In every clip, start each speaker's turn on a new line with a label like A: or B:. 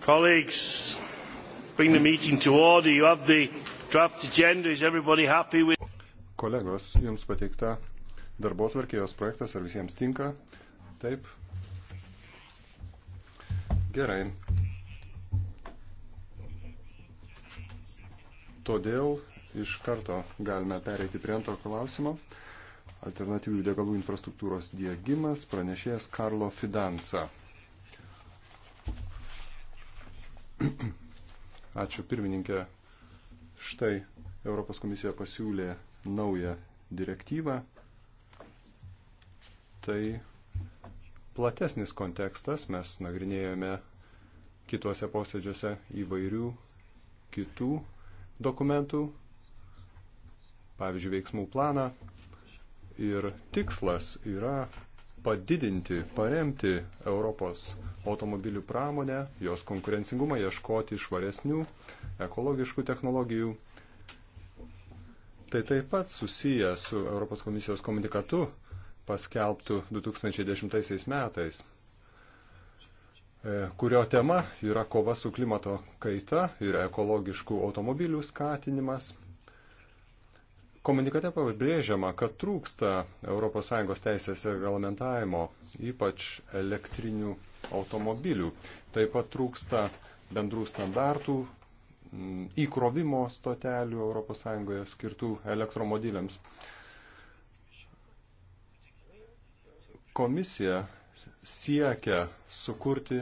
A: Colleagues, bring the meeting to order. You have the draft agenda. Is everybody happy with?
B: Kolegos, jums pateikta darbo tvarkėjos projektas, ar visiems tinka? Taip. Gerai. Todėl iš karto galime pereiti prie antro klausimo. Alternatyvių degalų infrastruktūros diegimas pranešėjas Karlo Fidansa. Ačiū pirmininkė. Štai Europos komisija pasiūlė naują direktyvą. Tai platesnis kontekstas. Mes nagrinėjome kituose posėdžiuose įvairių kitų dokumentų, pavyzdžiui, veiksmų planą. Ir tikslas yra padidinti, paremti Europos automobilių pramonę, jos konkurencingumą, ieškoti švaresnių, ekologiškų technologijų. Tai taip pat susiję su Europos komisijos komunikatu paskelbtų 2010 metais, e, kurio tema yra kova su klimato kaita ir ekologiškų automobilių skatinimas – Komunikate pabrėžiama, kad trūksta ES teisės reglamentavimo, ypač elektrinių automobilių. Taip pat trūksta bendrų standartų įkrovimo stotelių ES skirtų elektromobiliams. Komisija siekia sukurti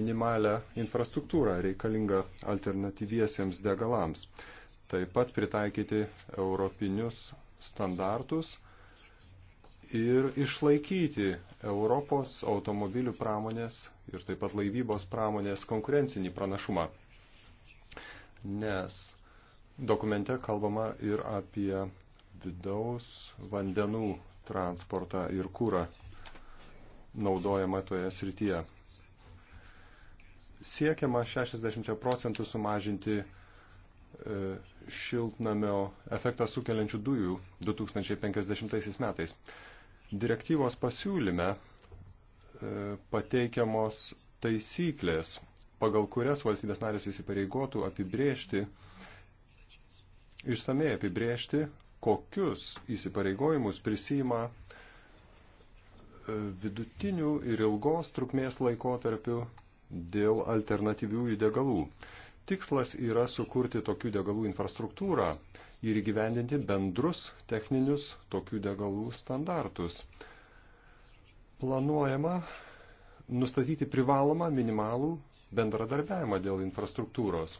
B: minimalę infrastruktūrą reikalingą alternatyviesiems degalams taip pat pritaikyti europinius standartus ir išlaikyti Europos automobilių pramonės ir taip pat laivybos pramonės konkurencinį pranašumą. Nes dokumente kalbama ir apie vidaus vandenų transportą ir kūrą naudojama toje srityje. Siekiama 60 procentų sumažinti šiltnamio efektą sukeliančių dujų 2050 metais. Direktyvos pasiūlyme e, pateikiamos taisyklės, pagal kurias valstybės narės įsipareigotų apibriežti, išsamei apibriežti, kokius įsipareigojimus prisima e, vidutinių ir ilgos trukmės laikotarpių dėl alternatyviųjų degalų. Tikslas yra sukurti tokių degalų infrastruktūrą ir įgyvendinti bendrus techninius tokių degalų standartus. Planuojama nustatyti privalomą minimalų bendradarbiavimą dėl infrastruktūros.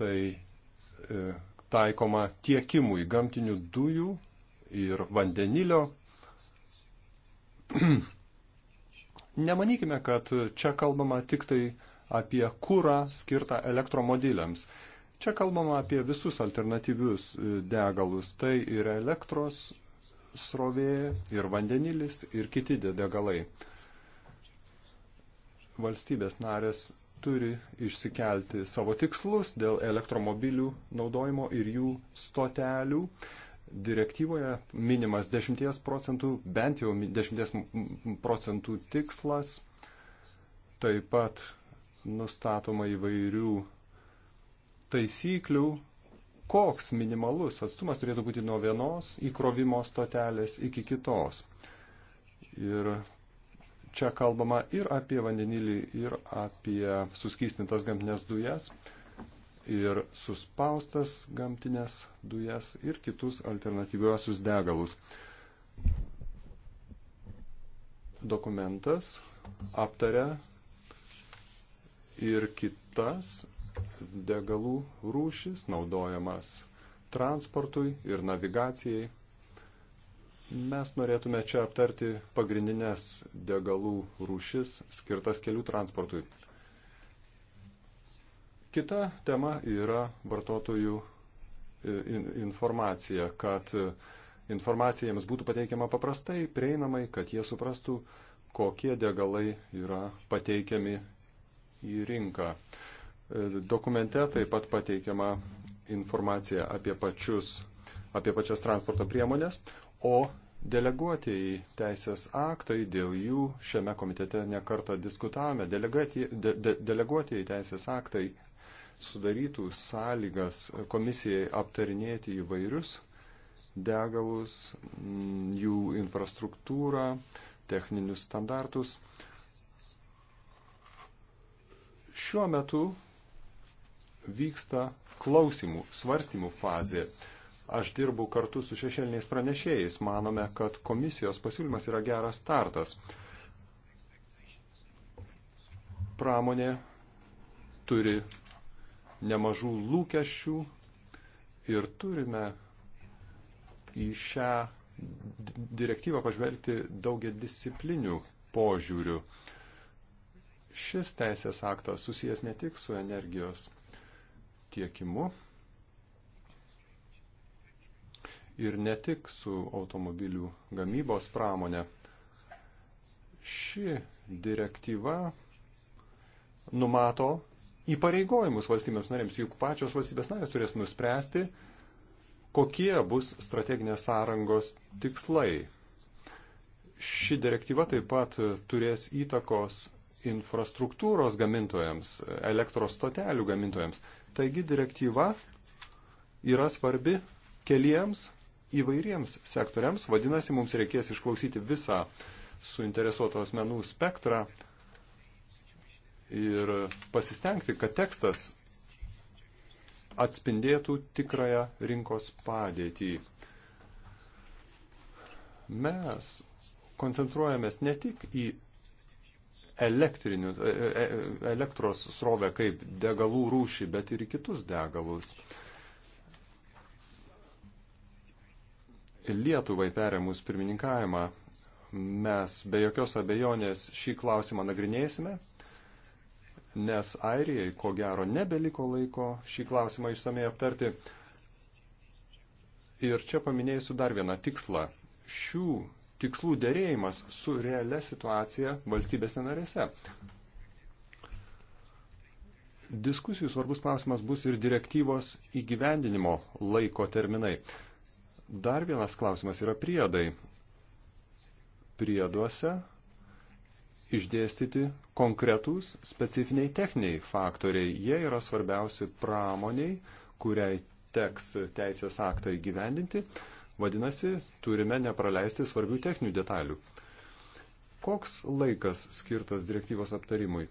B: Tai e, taikoma tiekimui gamtinių dujų ir vandenilio. Nemanykime, kad čia kalbama tik tai apie kūrą skirtą elektromobiliams. Čia kalbama apie visus alternatyvius e, degalus, tai ir elektros srovė, ir vandenilis, ir kiti degalai. Valstybės narės turi išsikelti savo tikslus dėl elektromobilių naudojimo ir jų stotelių. Direktyvoje minimas 10 procentų, bent jau 10 procentų tikslas. Taip pat nustatoma įvairių taisyklių, koks minimalus atstumas turėtų būti nuo vienos įkrovimo stotelės iki kitos. Ir čia kalbama ir apie vandenilį, ir apie suskystintas gamtinės dujas, ir suspaustas gamtinės dujas, ir kitus alternatyviuosius degalus. Dokumentas aptaria ir kitas degalų rūšis naudojamas transportui ir navigacijai. Mes norėtume čia aptarti pagrindinės degalų rūšis skirtas kelių transportui. Kita tema yra vartotojų e, informacija, kad e, informacija jiems būtų pateikiama paprastai, prieinamai, kad jie suprastų, kokie degalai yra pateikiami į rinką. Dokumente taip pat pateikiama informacija apie, pačius, apie pačias transporto priemonės, o deleguotieji teisės aktai, dėl jų šiame komitete nekartą diskutavome, deleguotieji, de, de, deleguotieji teisės aktai sudarytų sąlygas komisijai aptarinėti įvairius degalus, jų infrastruktūrą, techninius standartus. Šiuo metu vyksta klausimų, svarstymų fazė. Aš dirbu kartu su šešėliniais pranešėjais. Manome, kad komisijos pasiūlymas yra geras startas. Pramonė turi nemažų lūkesčių ir turime į šią direktyvą pažvelgti daugia disciplinių požiūrių šis teisės aktas susijęs ne tik su energijos tiekimu ir ne tik su automobilių gamybos pramonė. Ši direktyva numato įpareigojimus valstybėms narėms, juk pačios valstybės narės turės nuspręsti, kokie bus strateginės sąrangos tikslai. Ši direktyva taip pat turės įtakos infrastruktūros gamintojams, elektros stotelių gamintojams. Taigi direktyva yra svarbi keliems įvairiems sektoriams. Vadinasi, mums reikės išklausyti visą suinteresuotų asmenų spektrą ir pasistengti, kad tekstas atspindėtų tikrąją rinkos padėtį. Mes koncentruojamės ne tik į E, e, e, elektros srovę kaip degalų rūšį, bet ir kitus degalus. Lietuvai perėmus pirmininkavimą mes be jokios abejonės šį klausimą nagrinėsime, nes Airijai, ko gero, nebeliko laiko šį klausimą išsamei aptarti. Ir čia paminėsiu dar vieną tikslą. Šių tikslų dėrėjimas su realia situacija valstybėse narėse. Diskusijų svarbus klausimas bus ir direktyvos įgyvendinimo laiko terminai. Dar vienas klausimas yra priedai. Prieduose išdėstyti konkretūs specifiniai techniniai faktoriai. Jie yra svarbiausi pramoniai, kuriai teks teisės aktą įgyvendinti. Vadinasi, turime nepraleisti svarbių techninių detalių. Koks laikas skirtas direktyvos aptarimui?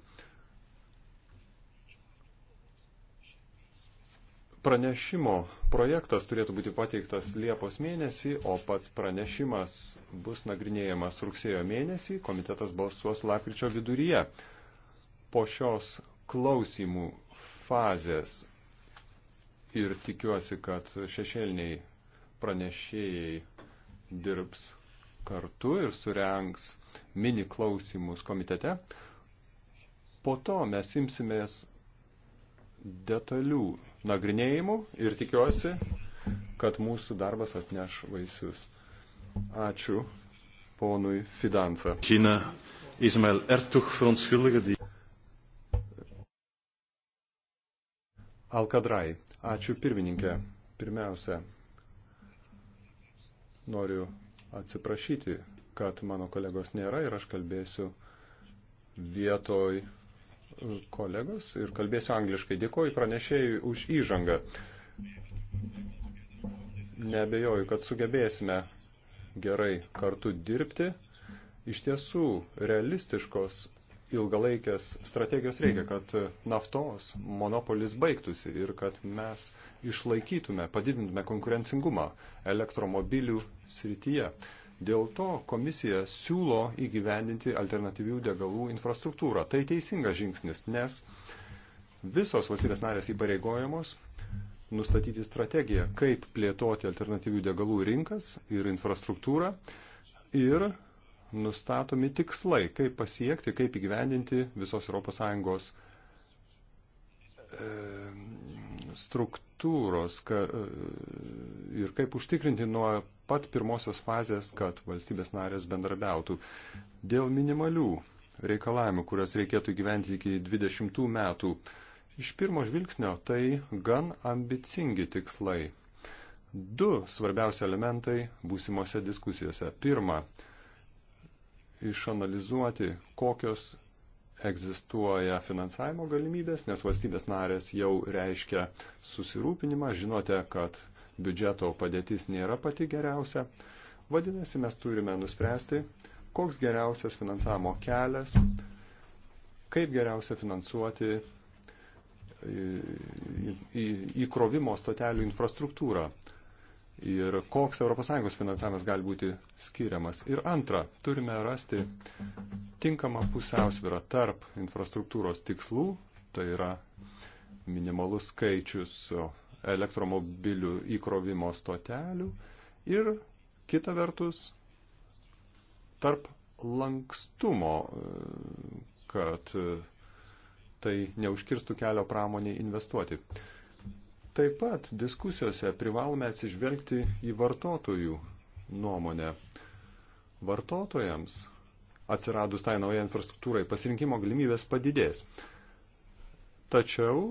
B: Pranešimo projektas turėtų būti pateiktas Liepos mėnesį, o pats pranešimas bus nagrinėjamas rugsėjo mėnesį, komitetas balsuos lapkričio viduryje. Po šios klausimų fazės ir tikiuosi, kad šešėliniai pranešėjai dirbs kartu ir surengs mini klausimus komitete. Po to mes imsimės detalių nagrinėjimų ir tikiuosi, kad mūsų darbas atneš vaisius. Ačiū ponui Fidansa. China, Ismail Ertug verontschuldigen die. Alkadrai. Ačiū pirmininkė. Pirmiausia, Noriu atsiprašyti, kad mano kolegos nėra ir aš kalbėsiu vietoj kolegos ir kalbėsiu angliškai. Dėkuoju pranešėjui už įžangą. Nebejoju, kad sugebėsime gerai kartu dirbti. Iš tiesų, realistiškos ilgalaikės strategijos reikia, kad naftos monopolis baigtųsi ir kad mes išlaikytume, padidintume konkurencingumą elektromobilių srityje. Dėl to komisija siūlo įgyvendinti alternatyvių degalų infrastruktūrą. Tai teisingas žingsnis, nes visos valstybės narės įpareigojamos nustatyti strategiją, kaip plėtoti alternatyvių degalų rinkas ir infrastruktūrą ir nustatomi tikslai, kaip pasiekti, kaip įgyvendinti visos ES struktūros ka, e, ir kaip užtikrinti nuo pat pirmosios fazės, kad valstybės narės bendrabiautų. Dėl minimalių reikalavimų, kurias reikėtų gyventi iki 20 metų, iš pirmo žvilgsnio tai gan ambicingi tikslai. Du svarbiausi elementai būsimose diskusijose. Pirma, išanalizuoti, kokios egzistuoja finansavimo galimybės, nes valstybės narės jau reiškia susirūpinimą, žinote, kad biudžeto padėtis nėra pati geriausia. Vadinasi, mes turime nuspręsti, koks geriausias finansavimo kelias, kaip geriausia finansuoti įkrovimo stotelių infrastruktūrą ir koks ES finansavimas gali būti skiriamas. Ir antra, turime rasti tinkamą pusiausvyrą tarp infrastruktūros tikslų, tai yra minimalus skaičius elektromobilių įkrovimo stotelių ir kita vertus tarp lankstumo, kad tai neužkirstų kelio pramoniai investuoti. Taip pat diskusijose privalome atsižvelgti į vartotojų nuomonę. Vartotojams atsiradus tai nauja infrastruktūrai pasirinkimo galimybės padidės. Tačiau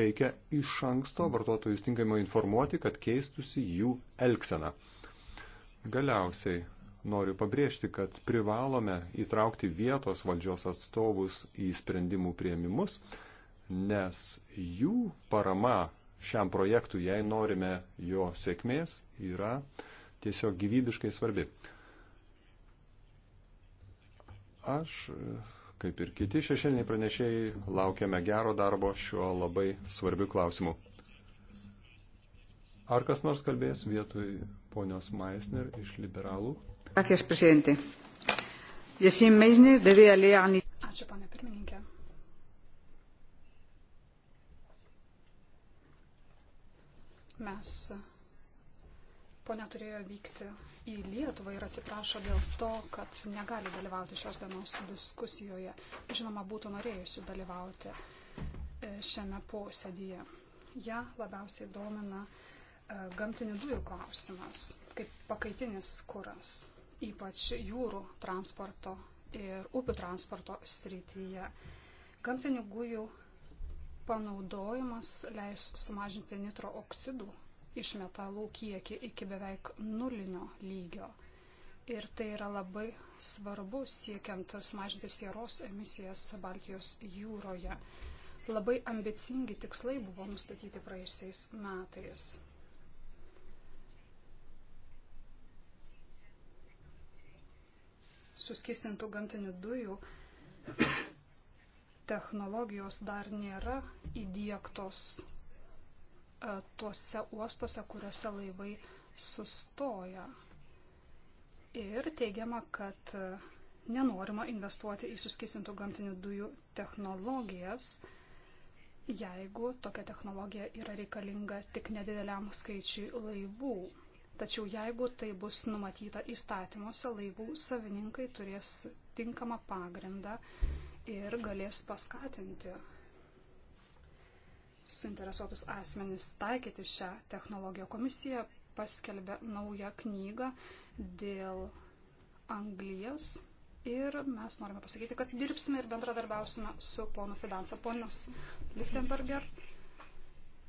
B: reikia iš anksto vartotojus tinkamai informuoti, kad keistusi jų elgsena. Galiausiai noriu pabrėžti, kad privalome įtraukti vietos valdžios atstovus į sprendimų prieimimus nes jų parama šiam projektui, jei norime jo sėkmės, yra tiesiog gyvybiškai svarbi. Aš, kaip ir kiti šešėliniai pranešėjai, laukiame gero darbo šiuo labai svarbiu klausimu. Ar kas nors kalbės vietoj ponios Maisner
C: iš liberalų? Gracias, presidente. Ačiū, ponė pirmininkė. mes ponė turėjo vykti į Lietuvą ir atsiprašo dėl to, kad negali dalyvauti šios dienos diskusijoje. Žinoma, būtų norėjusi dalyvauti e, šiame posėdyje. Ja labiausiai domina e, gamtinių dujų klausimas, kaip pakaitinis kuras, ypač jūrų transporto ir upių transporto srityje. Gamtinių dujų panaudojimas leis sumažinti nitro oksidų išmetalų kiekį iki beveik nulinio lygio. Ir tai yra labai svarbu siekiant sumažinti sieros emisijas Baltijos jūroje. Labai ambicingi tikslai buvo nustatyti praėjusiais metais. Suskistintų gamtinių dujų technologijos dar nėra įdėktos e, tuose uostuose, kuriuose laivai sustoja. Ir teigiama, kad e, nenorima investuoti į suskysintų gamtinių dujų technologijas, jeigu tokia technologija yra reikalinga tik nedideliam skaičiui laivų. Tačiau jeigu tai bus numatyta įstatymuose, laivų savininkai turės tinkamą pagrindą ir galės paskatinti suinteresuotus asmenys taikyti šią technologiją. Komisija paskelbė naują knygą dėl anglijas ir mes norime pasakyti, kad dirbsime ir bendradarbiausime su ponu Fidansa, ponas Lichtenberger,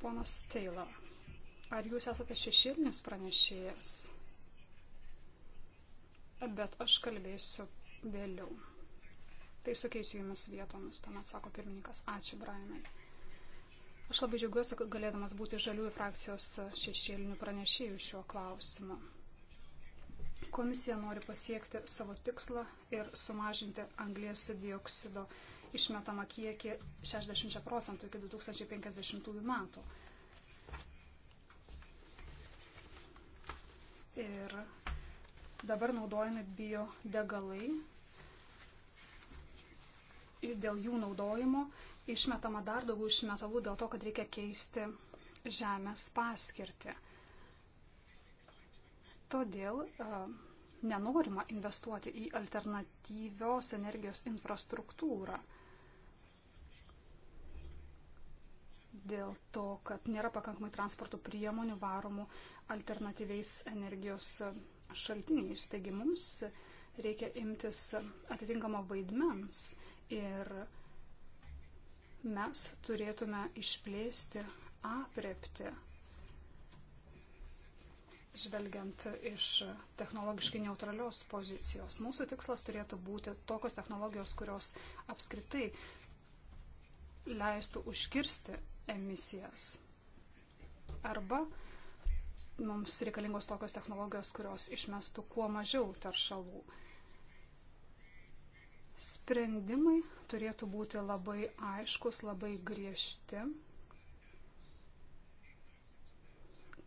C: ponas Taylor. Ar jūs esate šešilnis pranešėjas? Bet aš kalbėsiu vėliau. Tai sukeisiu jumis vietomis, tuomet sako pirmininkas. Ačiū, Brianai. Aš labai džiaugiuosi, kad galėdamas būti žaliųjų frakcijos šešėlinių pranešėjų šiuo klausimu. Komisija nori pasiekti savo tikslą ir sumažinti anglės dioksido išmetamą kiekį 60 procentų iki 2050 metų. Ir dabar naudojami biodegalai ir dėl jų naudojimo išmetama dar daugiau iš metalų dėl to, kad reikia keisti žemės paskirtį. Todėl e, nenorima investuoti į alternatyvios energijos infrastruktūrą. Dėl to, kad nėra pakankamai transporto priemonių varomų alternatyviais energijos e, šaltiniais. Taigi mums reikia imtis atitinkamo vaidmens ir mes turėtume išplėsti aprepti, žvelgiant iš technologiškai neutralios pozicijos. Mūsų tikslas turėtų būti tokios technologijos, kurios apskritai leistų užkirsti emisijas. Arba mums reikalingos tokios technologijos, kurios išmestų kuo mažiau taršalų. Sprendimai turėtų būti labai aiškus, labai griežti,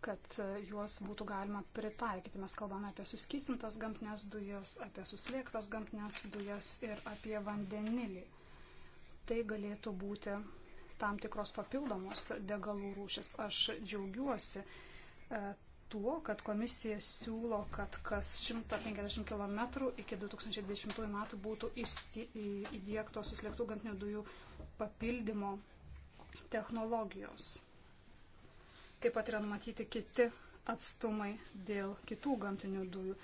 C: kad e, juos būtų galima pritaikyti. Mes kalbame apie suskystintas gamtinės dujas, apie suslėgtas gamtinės dujas ir apie vandenilį. Tai galėtų būti tam tikros papildomos degalų rūšis. Aš džiaugiuosi e, tuo, kad komisija siūlo, kad kas 150 km iki 2020 metų būtų įdėktos suslėgtų gamtinių dujų papildymo technologijos. Taip pat yra numatyti kiti atstumai dėl kitų gamtinių dujų.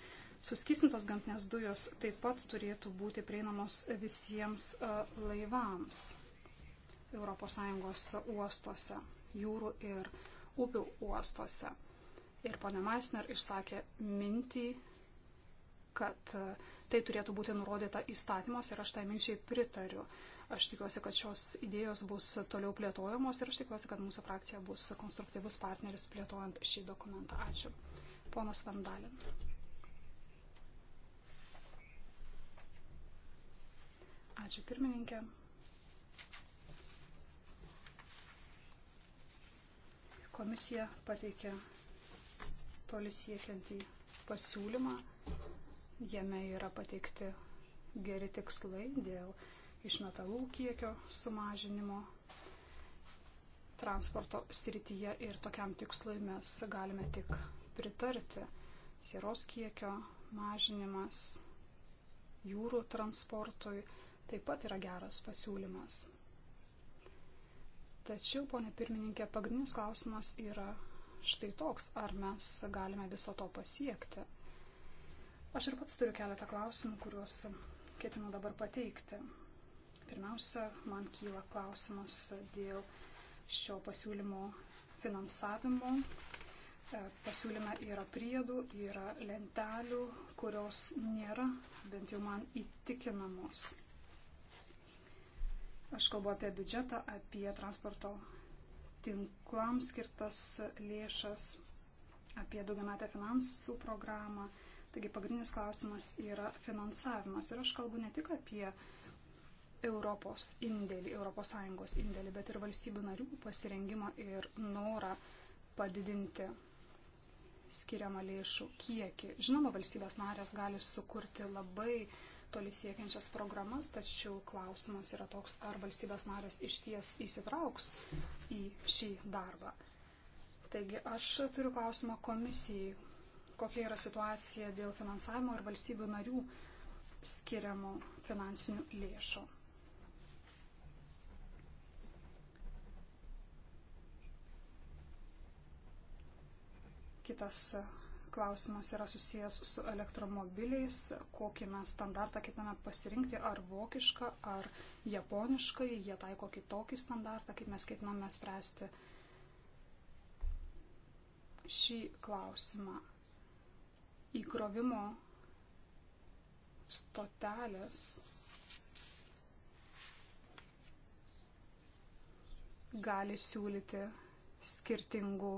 C: Suskistintos gamtinės dujos taip pat turėtų būti prieinamos visiems laivams ES uostuose, jūrų ir upių uostuose ir ponia Maisner išsakė mintį, kad e, tai turėtų būti nurodyta įstatymuose ir aš tai minčiai pritariu. Aš tikiuosi, kad šios idėjos bus toliau plėtojamos ir aš tikiuosi, kad mūsų frakcija bus konstruktyvus partneris plėtojant šį dokumentą. Ačiū. Ponas Vandalin. Ačiū pirmininkė. Komisija pateikė toli siekiantį pasiūlymą. Jame yra pateikti geri tikslai dėl išmetalų kiekio sumažinimo transporto srityje ir tokiam tikslui mes galime tik pritarti. Sieros kiekio mažinimas jūrų transportui taip pat yra geras pasiūlymas. Tačiau, ponė pirmininkė, pagrindinis klausimas yra štai toks, ar mes galime viso to pasiekti. Aš ir pats turiu keletą klausimų, kuriuos ketinu dabar pateikti. Pirmiausia, man kyla klausimas dėl šio pasiūlymo finansavimo. E, pasiūlyme yra priedų, yra lentelių, kurios nėra bent jau man įtikinamos. Aš kalbu apie biudžetą, apie transporto tinklams skirtas lėšas, apie daugiametę finansų programą. Taigi pagrindinis klausimas yra finansavimas. Ir aš kalbu ne tik apie Europos indėlį, ES indėlį, bet ir valstybių narių pasirengimą ir norą padidinti skiriamą lėšų kiekį. Žinoma, valstybės narės gali sukurti labai uh, toli siekiančias programas, tačiau klausimas yra toks, ar valstybės narės iš ties įsitrauks į šį darbą. Taigi aš turiu klausimą komisijai, kokia yra situacija dėl finansavimo ir valstybių narių skiriamų finansinių lėšų. Kitas klausimas yra susijęs su elektromobiliais, kokį mes standartą kitame pasirinkti, ar vokišką, ar japonišką, jie taiko kitokį standartą, kaip mes ketiname spręsti šį klausimą. Įkrovimo stotelės gali siūlyti skirtingų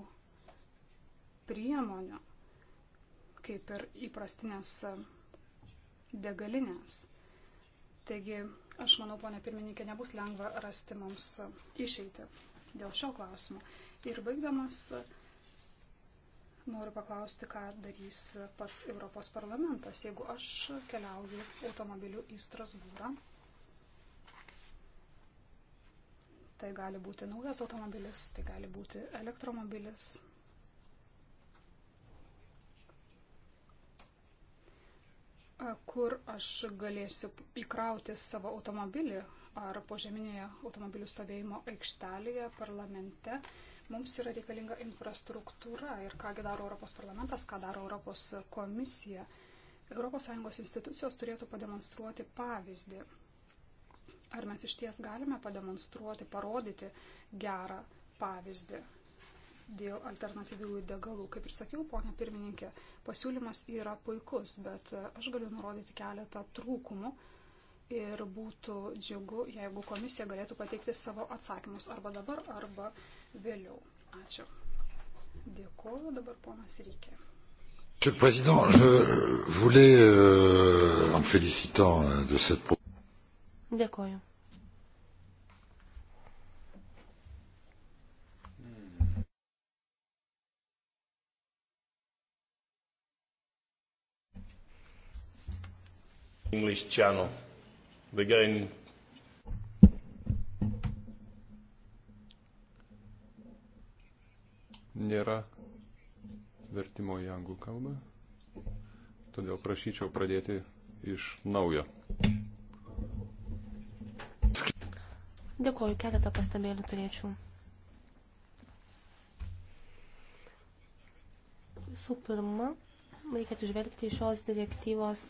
C: priemonių kaip ir įprastinės degalinės. Taigi, aš manau, ponė pirmininkė, nebus lengva rasti mums išeitį dėl šio klausimo. Ir baigdamas, noriu paklausti, ką darys pats Europos parlamentas, jeigu aš keliauju automobiliu į Strasbūrą. Tai gali būti naujas automobilis, tai gali būti elektromobilis, kur aš galėsiu įkrauti savo automobilį ar požeminėje automobilių stovėjimo aikštelėje parlamente. Mums yra reikalinga infrastruktūra ir kągi daro Europos parlamentas, ką daro Europos komisija. ES institucijos turėtų pademonstruoti pavyzdį. Ar mes iš ties galime pademonstruoti, parodyti gerą pavyzdį? dėl alternatyvių degalų. Kaip ir sakiau, ponia pirmininkė, pasiūlymas yra puikus, bet e, aš galiu nurodyti keletą trūkumų ir būtų džiugu, jeigu komisija galėtų pateikti savo atsakymus arba dabar, arba vėliau. Ačiū. Dėkuoju dabar ponas Rykė. Monsieur le Président,
B: je voulais, euh, en félicitant de cette
C: proposition. Dėkuoju. English channel. Beginning.
B: Nėra vertimo į anglų kalbą, todėl prašyčiau pradėti iš naujo.
A: Dėkoju, keletą pastabėlių turėčiau. Visų pirma, reikia atsižvelgti į šios direktyvos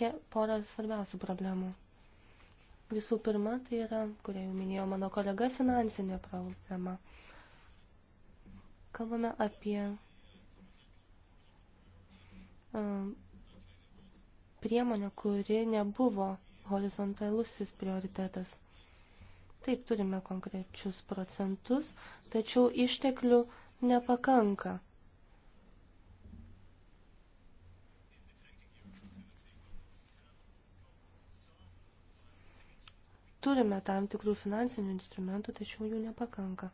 A: išvelgia porą svarbiausių problemų. Visų pirma, tai yra, kurie jau minėjo mano kolega, finansinė problema. Kalbame apie um, priemonę, kuri nebuvo horizontalusis prioritetas. Taip, turime konkrečius procentus, tačiau išteklių nepakanka. Turime tam tikrų finansinių instrumentų, tačiau jų nepakanka.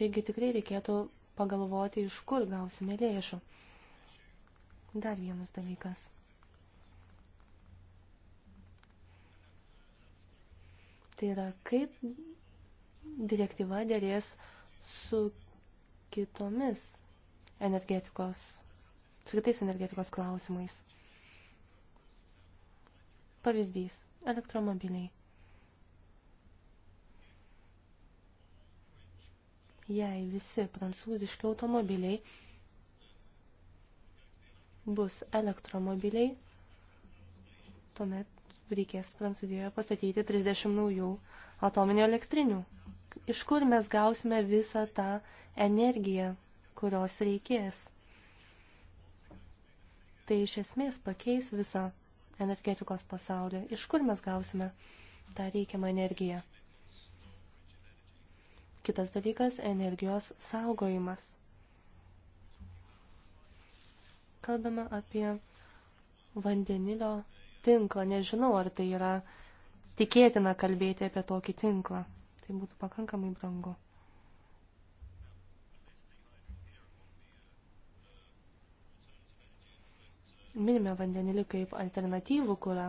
A: Taigi tikrai reikėtų pagalvoti, iš kur gausime lėšų. Dar vienas dalykas. Tai yra, kaip direktyva dėrės su kitomis energetikos, su kitais energetikos klausimais. Pavyzdys – elektromobiliai. Jei visi prancūziški automobiliai bus elektromobiliai, tuomet reikės Prancūzijoje pastatyti 30 naujų atominių elektrinių. Iš kur mes gausime visą tą energiją, kurios reikės? Tai iš esmės pakeis visą energetikos pasaulį, iš kur mes gausime tą reikiamą energiją. Kitas dalykas – energijos saugojimas. Kalbame apie vandenilio tinklą. Nežinau, ar tai yra tikėtina kalbėti apie tokį tinklą. Tai būtų pakankamai brangu. Minime vandenilį kaip alternatyvų kurą,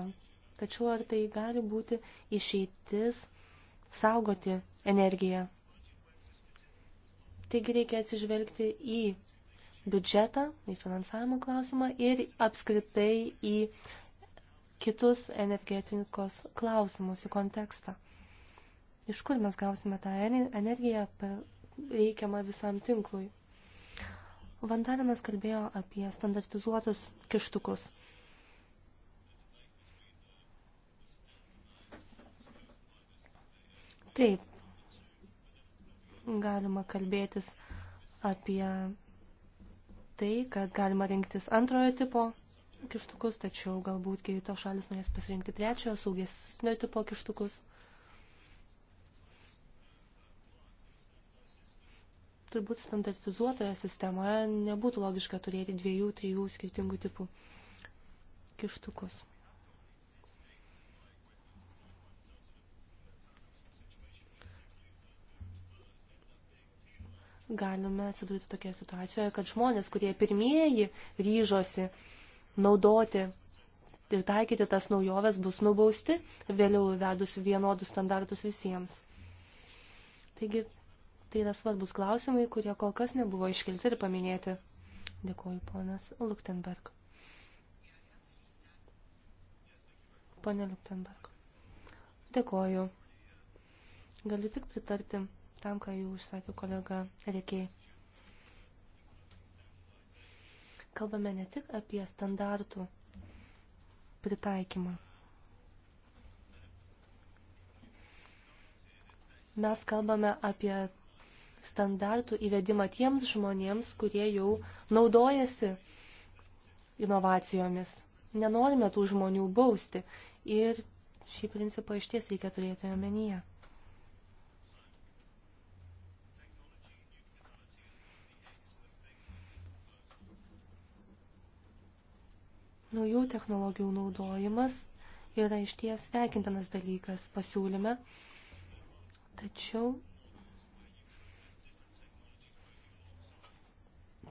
A: tačiau ar tai gali būti išeitis saugoti energiją? Taigi reikia atsižvelgti į biudžetą, į finansavimo klausimą ir apskritai į kitus energetikos klausimus, į kontekstą. Iš kur mes gausime tą energiją reikiamą visam tinklui? Vandalinas kalbėjo apie standartizuotus kištukus. Taip, galima kalbėtis apie tai, kad galima rinktis antrojo tipo kištukus, tačiau galbūt kitos šalis norės pasirinkti trečiojo saugesnio tipo kištukus. turbūt standartizuotoje sistemoje nebūtų logiška turėti dviejų, trijų skirtingų tipų kištukus. Galime atsidurti tokia situacijoje, kad žmonės, kurie pirmieji ryžosi naudoti ir taikyti tas naujoves, bus nubausti, vėliau vedus vienodus standartus visiems. Taigi Tai yra svarbus klausimai, kurie kol kas nebuvo iškelti ir paminėti. Dėkuoju, ponas Luktenberg. Pone Luktenberg. Dėkuoju. Galiu tik pritarti tam, ką jau užsakė kolega Rekiai. Kalbame ne tik apie standartų pritaikymą. Mes kalbame apie standartų įvedimą tiems žmonėms, kurie jau naudojasi inovacijomis. Nenorime tų žmonių bausti ir šį principą iš ties reikia turėti omenyje. Naujų technologijų naudojimas yra iš ties sveikintinas dalykas pasiūlyme, tačiau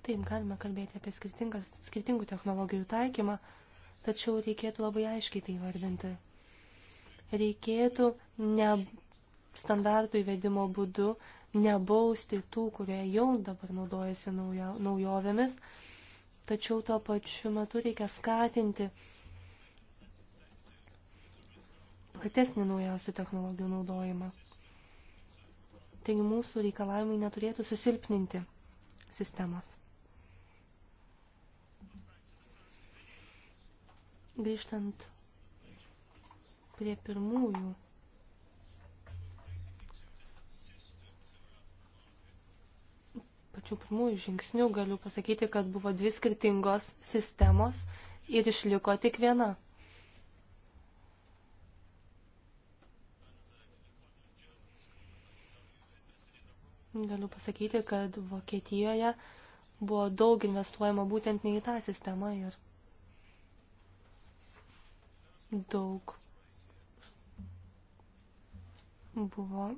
A: Taip, galime kalbėti apie skirtingų technologijų taikymą, tačiau reikėtų labai aiškiai tai vardinti. Reikėtų ne standartų įvedimo būdu nebausti tų, kurie jau dabar naudojasi naujo, naujovėmis, tačiau tuo pačiu metu reikia skatinti platesnį naujausių technologijų naudojimą. Taigi mūsų reikalavimai neturėtų susilpninti sistemos. Grįžtant prie pirmųjų pačių pirmųjų žingsnių galiu pasakyti, kad buvo dvi skirtingos sistemos ir išliko tik viena. Galiu pasakyti, kad Vokietijoje buvo daug investuojama būtent ne į tą sistemą ir daug buvo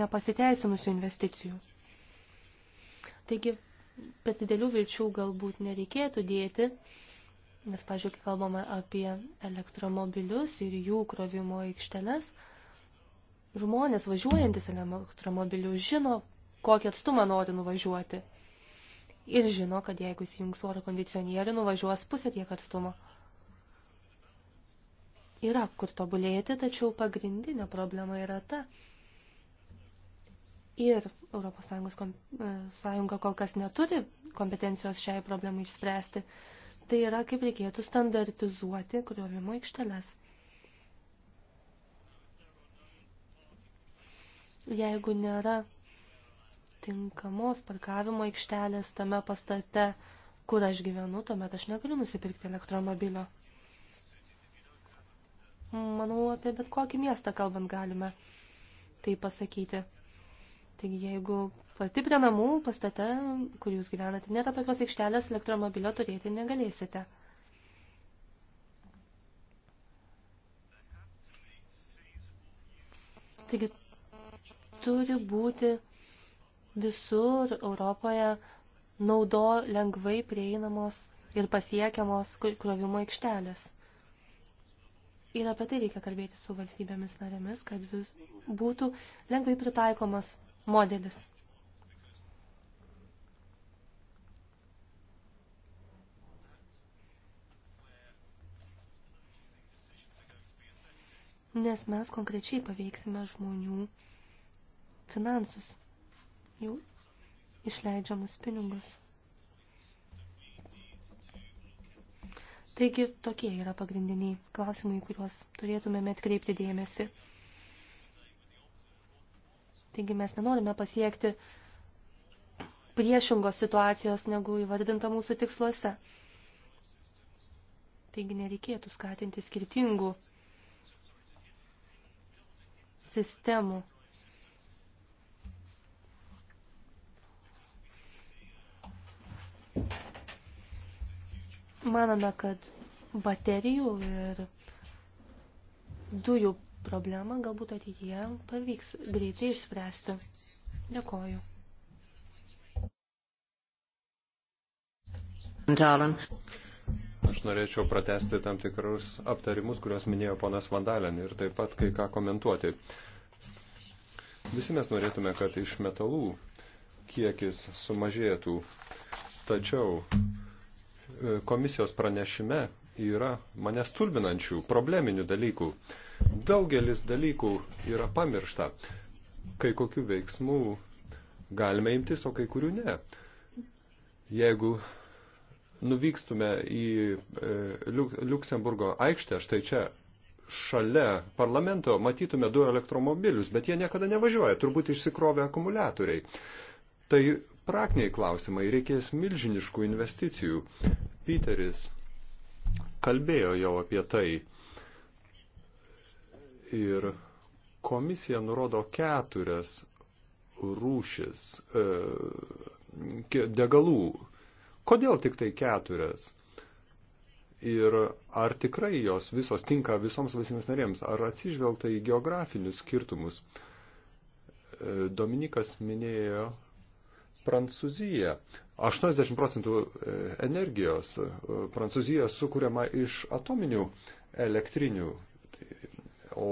A: nepasiteisinusių investicijų. Taigi, bet didelių vilčių galbūt nereikėtų dėti, nes, pažiūrėk, kalbame apie elektromobilius ir jų krovimo aikšteles. Žmonės važiuojantis elektromobiliu žino, kokį atstumą nori nuvažiuoti. Ir žino, kad jeigu įsijungs oro kondicionierių, nuvažiuos pusę tiek atstumo yra kur tobulėti, tačiau pagrindinė problema yra ta. Ir ES e, sąjunga kol kas neturi kompetencijos šiai problemai išspręsti. Tai yra, kaip reikėtų standartizuoti griovimo aikšteles. Jeigu nėra tinkamos parkavimo aikštelės tame pastate, kur aš gyvenu, tuomet aš negaliu nusipirkti elektromobilio manau, apie bet kokį miestą kalbant galime tai pasakyti. Taigi, jeigu pati prie namų pastate, kur jūs gyvenate, net tokios aikštelės elektromobilio turėti negalėsite. Taigi, turi būti visur Europoje naudo lengvai prieinamos ir pasiekiamos krovimo aikštelės. Ir apie tai reikia kalbėti su valstybėmis narėmis, kad vis būtų lengvai pritaikomas modelis. Nes mes konkrečiai paveiksime žmonių finansus, jų išleidžiamus pinigus. Taigi tokie yra pagrindiniai klausimai, kuriuos turėtumėme atkreipti dėmesį. Taigi mes nenorime pasiekti priešingos situacijos, negu įvardinta mūsų tiksluose. Taigi nereikėtų skatinti skirtingų sistemų Manome, kad baterijų ir dujų problemą galbūt ateityje pavyks greitai išspręsti. Dėkoju.
B: Vandalen. Aš norėčiau pratesti tam tikrus aptarimus, kuriuos minėjo ponas Vandalen ir taip pat kai ką komentuoti. Visi mes norėtume, kad iš metalų kiekis sumažėtų, tačiau komisijos pranešime yra mane stulbinančių, probleminių dalykų. Daugelis dalykų yra pamiršta. Kai kokių veiksmų galime imtis, o kai kurių ne. Jeigu nuvykstume į e, Liuksemburgo aikštę, štai čia šalia parlamento matytume du elektromobilius, bet jie niekada nevažiuoja, turbūt išsikrovė akumuliatoriai. Tai praktiniai klausimai, reikės milžiniškų investicijų. Piteris kalbėjo jau apie tai. Ir komisija nurodo keturias rūšis e, degalų. Kodėl tik tai keturias? Ir ar tikrai jos visos tinka visoms valstybės narėms, ar atsižvelgta į geografinius skirtumus? E, Dominikas minėjo Prancūziją. 80 procentų e, energijos e, Prancūzijoje sukūriama iš atominių elektrinių, o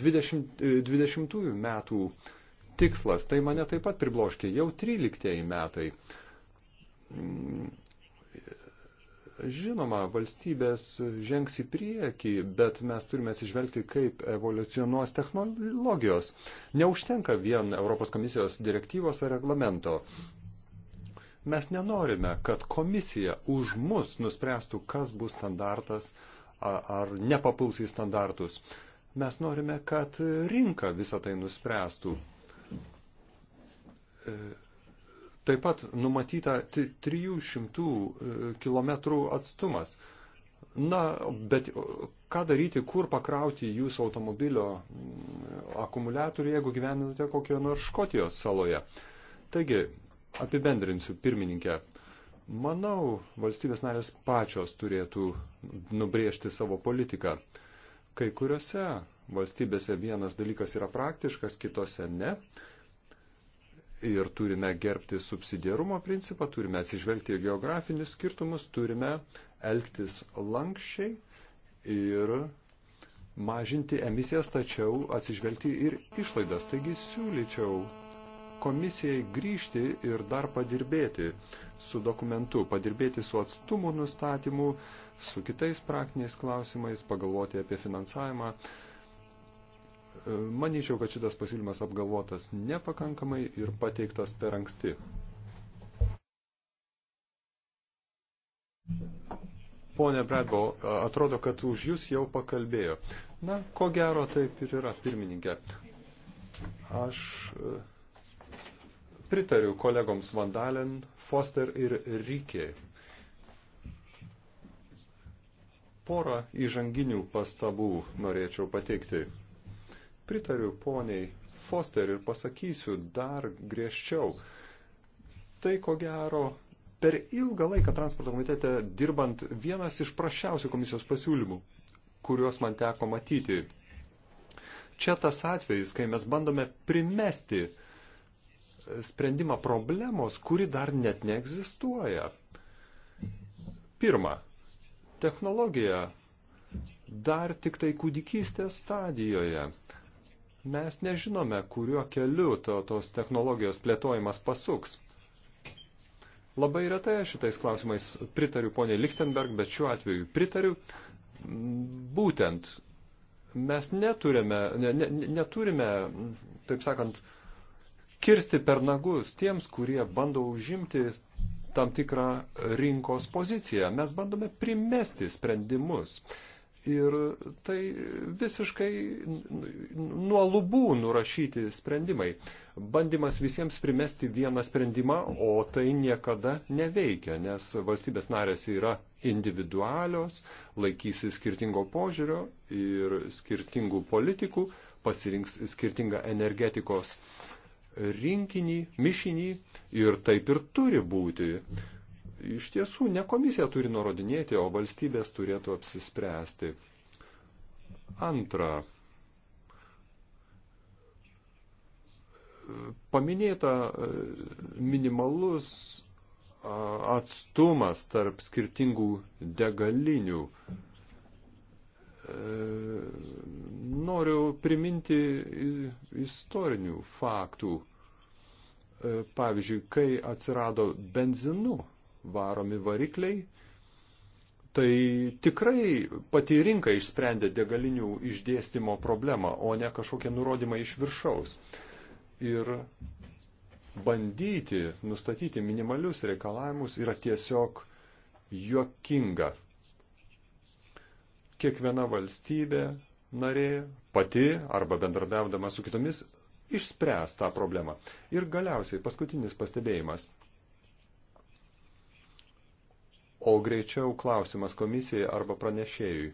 B: 20, 20 e, metų tikslas, tai mane taip pat pribloškė, jau 13 metai. Mm, žinoma, valstybės žengs į priekį, bet mes turime atsižvelgti, kaip evoliucionuos technologijos. Neužtenka vien Europos komisijos direktyvos ar reglamento. Mes nenorime, kad komisija už mus nuspręstų, kas bus standartas ar nepapuls į standartus. Mes norime, kad rinka visą tai nuspręstų. E, taip pat numatyta 300 e, km atstumas. Na, bet ką daryti, kur pakrauti jūsų automobilio akumuliatorių, jeigu gyvenate kokioje nors Škotijos saloje? Taigi, Apibendrinsiu, pirmininkė. Manau, valstybės narės pačios turėtų nubrėžti savo politiką. Kai kuriuose valstybėse vienas dalykas yra praktiškas, kitose ne. Ir turime gerbti subsidiarumo principą, turime atsižvelgti į geografinius skirtumus, turime elgtis lankščiai ir mažinti emisijas, tačiau atsižvelgti ir išlaidas. Taigi siūlyčiau komisijai grįžti ir dar padirbėti su dokumentu, padirbėti su atstumo nustatymu, su kitais praktiniais klausimais, pagalvoti apie finansavimą. E, manyčiau, kad šitas pasiūlymas apgalvotas nepakankamai ir pateiktas per anksti. Pone Bradbo, atrodo, kad už jūs jau pakalbėjo. Na, ko gero taip ir yra, pirmininkė. Aš e, Pritariu kolegoms Vandalen, Foster ir Rykė. Porą įžanginių pastabų norėčiau pateikti. Pritariu poniai Foster ir pasakysiu dar griežčiau. Tai ko gero per ilgą laiką transporto komitete dirbant vienas iš prašiausių komisijos pasiūlymų, kuriuos man teko matyti. Čia tas atvejis, kai mes bandome primesti uh, sprendimą problemos, kuri dar net neegzistuoja. Pirma, technologija dar tik tai kūdikystės stadijoje. Mes nežinome, kuriuo keliu to, tos technologijos plėtojimas pasuks. Labai retai šitais klausimais pritariu poniai Lichtenberg, bet šiuo atveju pritariu. Būtent mes neturime, ne, ne, neturime, taip sakant, kirsti per nagus tiems, kurie bando užimti tam tikrą rinkos poziciją. Mes bandome primesti sprendimus. Ir tai visiškai nuo lubų nurašyti sprendimai. Bandymas visiems primesti vieną sprendimą, o tai niekada neveikia, nes valstybės narės yra individualios, laikysi skirtingo požiūrio ir skirtingų politikų, pasirinks skirtingą energetikos uh, rinkinį, mišinį ir taip ir turi būti. Iš tiesų, ne komisija turi nurodinėti, o valstybės turėtų apsispręsti. Antra. Paminėta e, minimalus atstumas tarp skirtingų degalinių. E, noriu priminti istorinių faktų. E, pavyzdžiui, kai atsirado benzinu varomi varikliai, tai tikrai pati rinka išsprendė degalinių išdėstymo problemą, o ne kažkokie nurodymai iš viršaus. Ir bandyti nustatyti minimalius reikalavimus yra tiesiog juokinga kiekviena valstybė narė pati arba bendradarbiaudama su kitomis išspręs tą problemą. Ir galiausiai paskutinis pastebėjimas. O greičiau klausimas komisijai arba pranešėjui.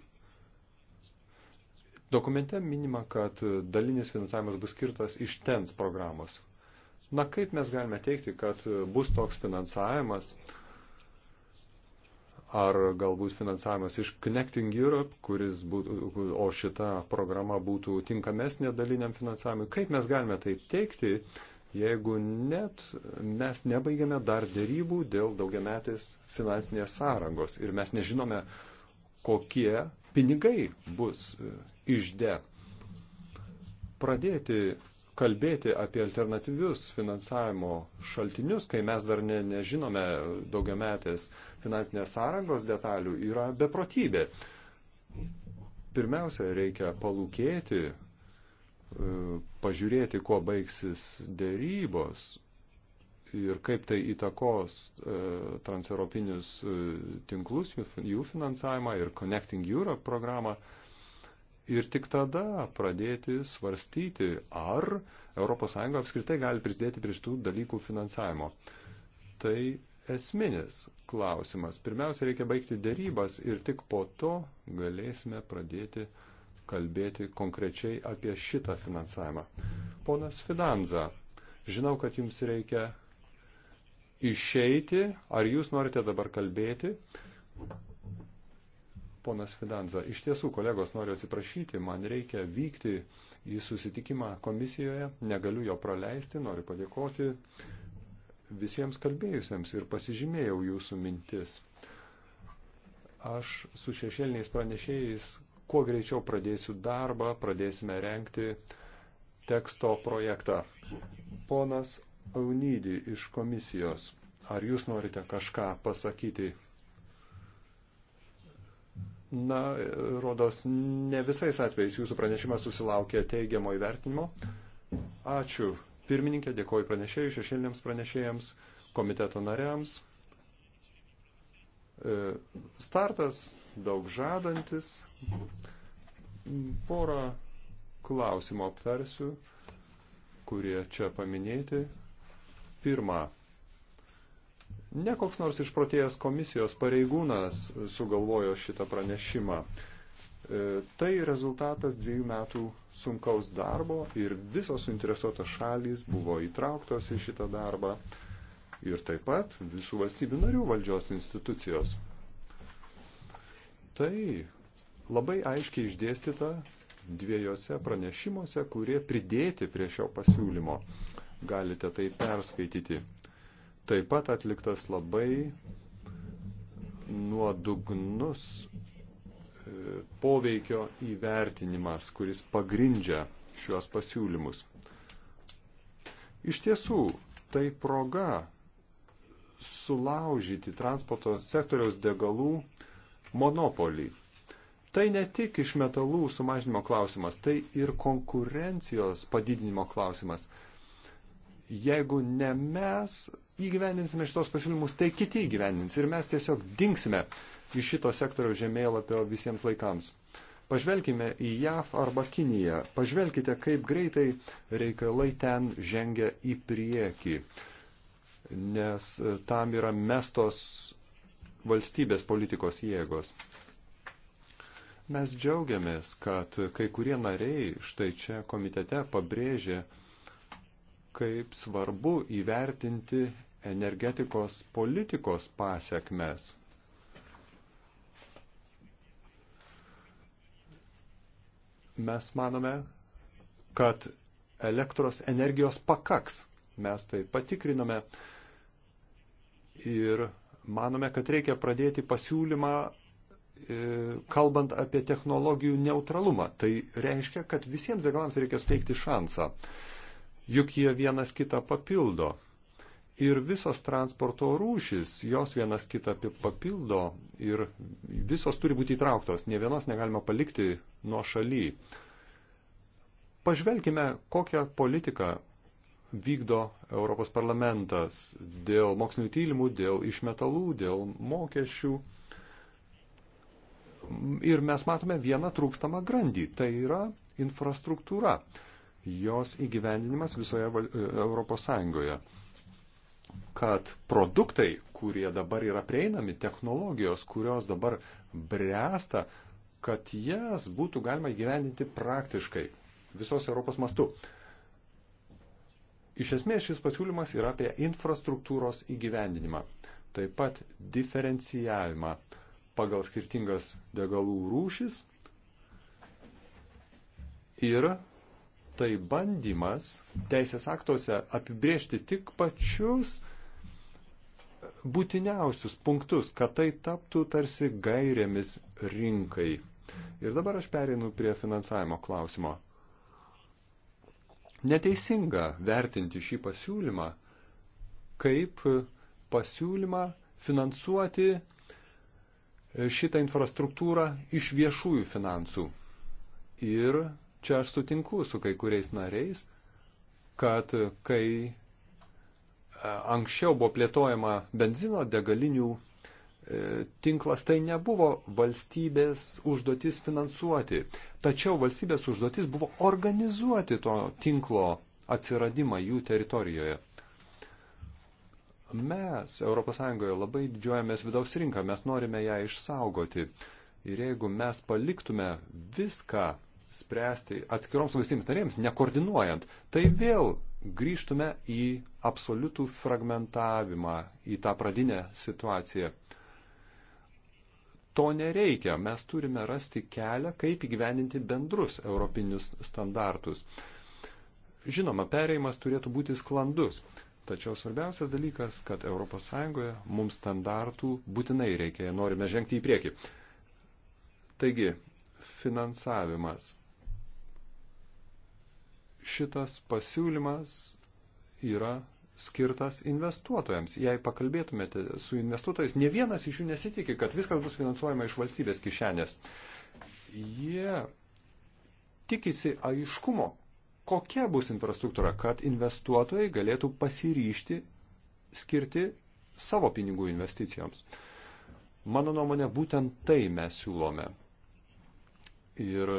B: Dokumente minima, kad dalinis finansavimas bus skirtas iš TENS programos. Na kaip mes galime teikti, kad bus toks finansavimas, ar galbūt finansavimas iš Connecting Europe, kuris būtų, o šita programa būtų tinkamesnė daliniam finansavimui. Kaip mes galime taip teikti, jeigu net mes nebaigiame dar dėrybų dėl daugiametės finansinės sąrangos ir mes nežinome, kokie pinigai bus e, išde. Pradėti kalbėti apie alternatyvius finansavimo šaltinius, kai mes dar ne, nežinome daugiametės finansinės sąrangos detalių, yra beprotybė. Pirmiausia, reikia palūkėti, e, pažiūrėti, kuo baigsis dėrybos ir kaip tai įtakos e, transeuropinius e, tinklus, jų finansavimą ir Connecting Europe programą ir tik tada pradėti svarstyti, ar ES apskritai gali prisidėti prie šitų dalykų finansavimo. Tai esminis klausimas. Pirmiausia, reikia baigti dėrybas ir tik po to galėsime pradėti kalbėti konkrečiai apie šitą finansavimą. Ponas Fidanza, žinau, kad jums reikia išeiti, ar jūs norite dabar kalbėti? ponas Fidanza. Iš tiesų, kolegos, noriu atsiprašyti, man reikia vykti į susitikimą komisijoje, negaliu jo praleisti, noriu padėkoti visiems kalbėjusiems ir pasižymėjau jūsų mintis. Aš su šešėliniais pranešėjais kuo greičiau pradėsiu darbą, pradėsime renkti teksto projektą. Ponas Aunydį iš komisijos, ar jūs norite kažką pasakyti Na, rodos, ne visais atvejais jūsų pranešimas susilaukė teigiamo įvertinimo. Ačiū pirmininkė, dėkoju pranešėjų, šešėliniams pranešėjams, komiteto nariams. E, startas daug žadantis. Porą klausimų aptarsiu, kurie čia paminėti. Pirma, Ne koks nors išprotėjęs komisijos pareigūnas sugalvojo šitą pranešimą. E, tai rezultatas dviejų metų sunkaus darbo ir visos suinteresuotos šalys buvo įtrauktos į šitą darbą ir taip pat visų valstybių narių valdžios institucijos. Tai labai aiškiai išdėstyta dviejose pranešimuose, kurie pridėti prie šio pasiūlymo. Galite tai perskaityti. Taip pat atliktas labai nuodugnus e, poveikio įvertinimas, kuris pagrindžia šiuos pasiūlymus. Iš tiesų, tai proga sulaužyti transporto sektoriaus degalų monopolį. Tai ne tik iš metalų sumažinimo klausimas, tai ir konkurencijos padidinimo klausimas. Jeigu ne mes įgyvendinsime šitos pasiūlymus, tai kiti įgyvendins ir mes tiesiog dinksime iš šito sektoriaus žemėlapio visiems laikams. Pažvelkime į JAV arba Kiniją. Pažvelkite, kaip greitai reikalai ten žengia į priekį, nes e, tam yra mestos valstybės politikos jėgos. Mes džiaugiamės, kad kai kurie nariai štai čia komitete pabrėžė, kaip svarbu įvertinti energetikos politikos pasiekmes. Mes manome, kad elektros energijos pakaks. Mes tai patikrinome ir manome, kad reikia pradėti pasiūlymą e, kalbant apie technologijų neutralumą. Tai reiškia, kad visiems degalams reikia suteikti šansą juk jie vienas kitą papildo. Ir visos transporto rūšis, jos vienas kitą papildo ir visos turi būti įtrauktos, ne vienos negalima palikti nuo šaly. Pažvelkime, kokią politiką vykdo Europos parlamentas dėl mokslinių tyrimų, dėl išmetalų, dėl mokesčių. Ir mes matome vieną trūkstamą grandį, tai yra infrastruktūra jos įgyvendinimas visoje e, Europos Sąjungoje. Kad produktai, kurie dabar yra prieinami, technologijos, kurios dabar bręsta, kad jas būtų galima įgyvendinti praktiškai visos Europos mastu. Iš esmės šis pasiūlymas yra apie infrastruktūros įgyvendinimą, taip pat diferencijavimą pagal skirtingas degalų rūšis ir tai bandymas teisės aktuose apibriežti tik pačius būtiniausius punktus, kad tai taptų tarsi gairėmis rinkai. Ir dabar aš pereinu prie finansavimo klausimo. Neteisinga vertinti šį pasiūlymą kaip pasiūlymą finansuoti šitą infrastruktūrą iš viešųjų finansų. Ir Čia aš sutinku su kai kuriais nariais, kad kai e, anksčiau buvo plėtojama benzino degalinių e, tinklas, tai nebuvo valstybės užduotis finansuoti. Tačiau valstybės užduotis buvo organizuoti to tinklo atsiradimą jų teritorijoje. Mes ES labai didžiuojamės vidaus rinką, mes norime ją išsaugoti. Ir jeigu mes paliktume viską spręsti atskiroms valstybėms narėms, nekoordinuojant, tai vėl grįžtume į absoliutų fragmentavimą, į tą pradinę situaciją. To nereikia, mes turime rasti kelią, kaip įgyveninti bendrus europinius standartus. Žinoma, pereimas turėtų būti sklandus, tačiau svarbiausias dalykas, kad ES mums standartų būtinai reikia, norime žengti į priekį. Taigi, finansavimas šitas pasiūlymas yra skirtas investuotojams. Jei pakalbėtumėte su investuotojais, ne vienas iš jų nesitikė, kad viskas bus finansuojama iš valstybės kišenės. Jie tikisi aiškumo, kokia bus infrastruktūra, kad investuotojai galėtų pasiryšti skirti savo pinigų investicijoms. Mano nuomonė, būtent tai mes siūlome. Ir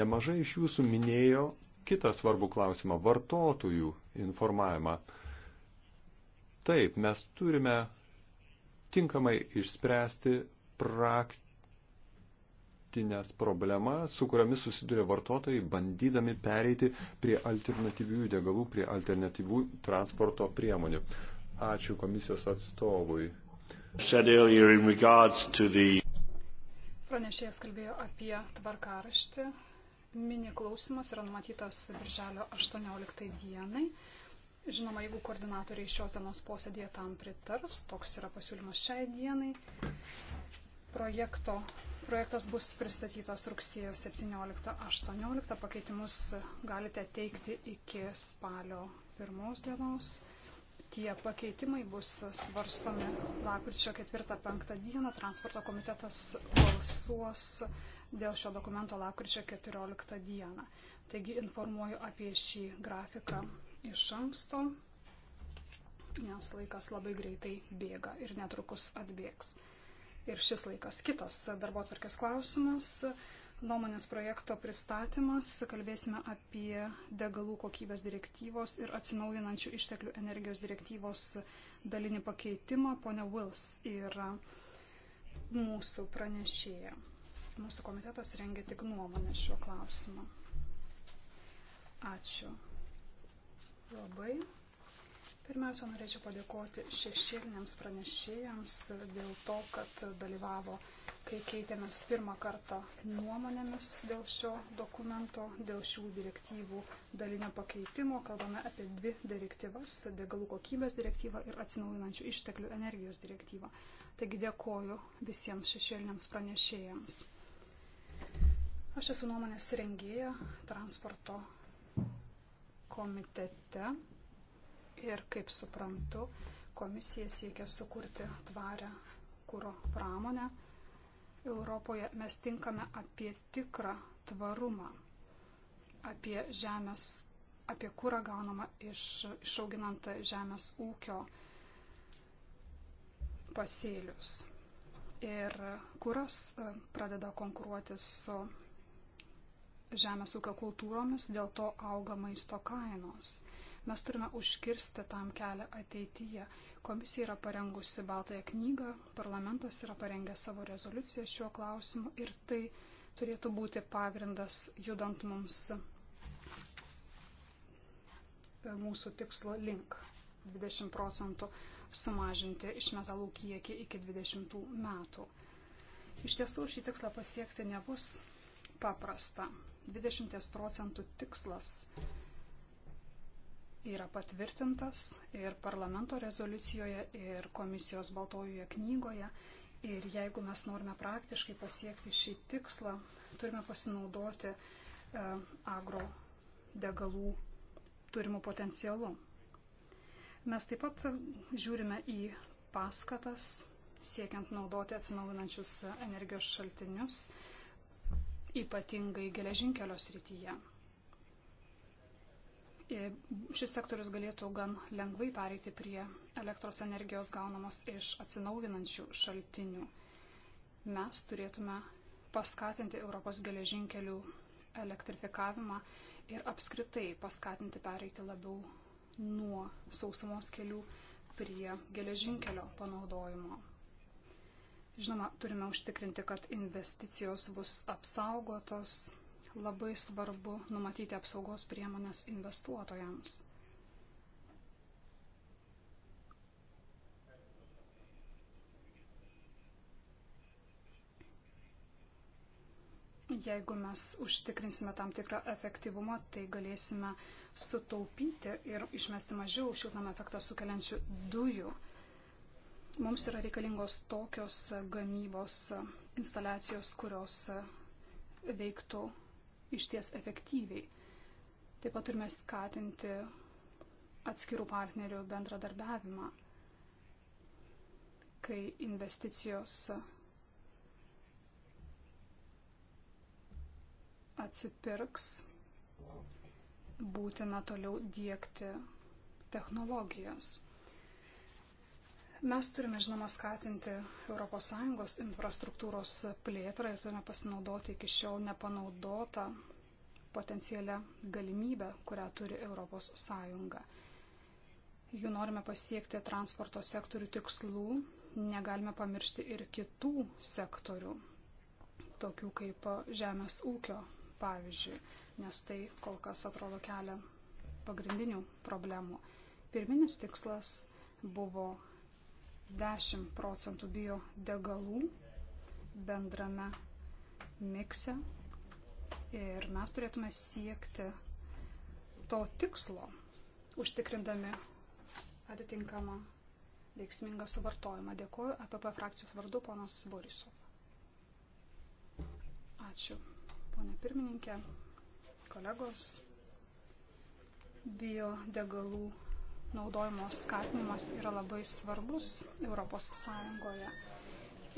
B: nemažai iš jūsų minėjo kitą svarbų klausimą - vartotojų informavimą. Taip, mes turime tinkamai išspręsti praktinės problemas, su kuriamis susiduria vartotojai, bandydami pereiti prie alternatyvių degalų, prie alternatyvių transporto priemonių. Ačiū komisijos atstovui.
C: Pranešėjas kalbėjo apie tvarkaraštį mini klausimas yra numatytas birželio 18 dienai. Žinoma, jeigu koordinatoriai šios dienos posėdėje tam pritars, toks yra pasiūlymas šiai dienai. Projekto, projektas bus pristatytas rugsėjo 17-18. Pakeitimus galite teikti iki spalio pirmos dienos. Tie pakeitimai bus svarstomi lapkričio 4-5 dieną. Transporto komitetas balsuos dėl šio dokumento lapkričio 14 dieną. Taigi informuoju apie šį grafiką iš anksto, nes laikas labai greitai bėga ir netrukus atbėgs. Ir šis laikas kitas darbo atvarkės klausimas nuomonės projekto pristatymas. Kalbėsime apie degalų kokybės direktyvos ir atsinaujinančių išteklių energijos direktyvos dalinį pakeitimą. Pone Vils yra mūsų pranešėja mūsų komitetas rengia tik nuomonę šiuo klausimu. Ačiū labai. Pirmiausia, norėčiau padėkoti šešėliniams pranešėjams dėl to, kad dalyvavo, kai keitėmės pirmą kartą nuomonėmis dėl šio dokumento, dėl šių direktyvų dalinio pakeitimo. Kalbame apie dvi direktyvas - degalų kokybės direktyvą ir atsinaujinančių išteklių energijos direktyvą. Taigi dėkoju visiems šešėliniams pranešėjams. Aš esu nuomonės rengėja transporto komitete ir, kaip suprantu, komisija siekia sukurti tvarę kūro pramonę. Europoje mes tinkame apie tikrą tvarumą, apie žemės, apie kūrą gaunamą iš, išauginant žemės ūkio pasėlius. Ir kuras e, pradeda konkuruoti su žemės ūkio kultūromis, dėl to auga maisto kainos. Mes turime užkirsti tam kelią ateityje. Komisija yra parengusi Baltąją knygą, parlamentas yra parengęs savo rezoliuciją šiuo klausimu ir tai turėtų būti pagrindas judant mums mūsų tikslo link 20 procentų sumažinti išmetalų kiekį iki 20 metų. Iš tiesų šį tikslą pasiekti nebus paprasta. 20 procentų tikslas yra patvirtintas ir parlamento rezoliucijoje, ir komisijos baltojoje knygoje. Ir jeigu mes norime praktiškai pasiekti šį tikslą, turime pasinaudoti e, agro degalų turimų potencialų. Mes taip pat žiūrime į paskatas, siekiant naudoti atsinaujinančius energijos šaltinius. E, ypatingai geležinkelio srityje. Šis sektorius galėtų gan lengvai pereiti prie elektros energijos gaunamos iš atsinaujinančių šaltinių. Mes turėtume paskatinti Europos geležinkelių elektrifikavimą ir apskritai paskatinti pereiti labiau nuo sausumos kelių prie geležinkelio panaudojimo. Žinoma, turime užtikrinti, kad investicijos bus apsaugotos. Labai svarbu numatyti apsaugos priemonės investuotojams. jeigu mes užtikrinsime tam tikrą efektyvumą, tai galėsime sutaupyti ir išmesti mažiau šiltnamą efektą sukeliančių dujų. Mums yra reikalingos tokios gamybos instaliacijos, kurios veiktų išties efektyviai. Taip pat turime skatinti atskirų partnerių bendradarbiavimą, kai investicijos atsipirks, būtina toliau dėkti technologijas. Mes turime, žinoma, skatinti ES infrastruktūros plėtrą ir turime pasinaudoti iki šiol nepanaudotą potencialią galimybę, kurią turi ES. Jų norime pasiekti transporto sektorių tikslų, negalime pamiršti ir kitų sektorių, tokių kaip žemės ūkio, pavyzdžiui, nes tai kol kas atrodo kelia pagrindinių problemų. Pirminis tikslas buvo 10 procentų bio degalų bendrame mikse ir mes turėtume siekti to tikslo, užtikrindami atitinkamą veiksmingą suvartojimą. Dėkuoju APP frakcijos vardu, ponas Borisov. Ačiū, ponė pirmininkė, kolegos. Biodegalų naudojimo skatinimas yra labai svarbus ES.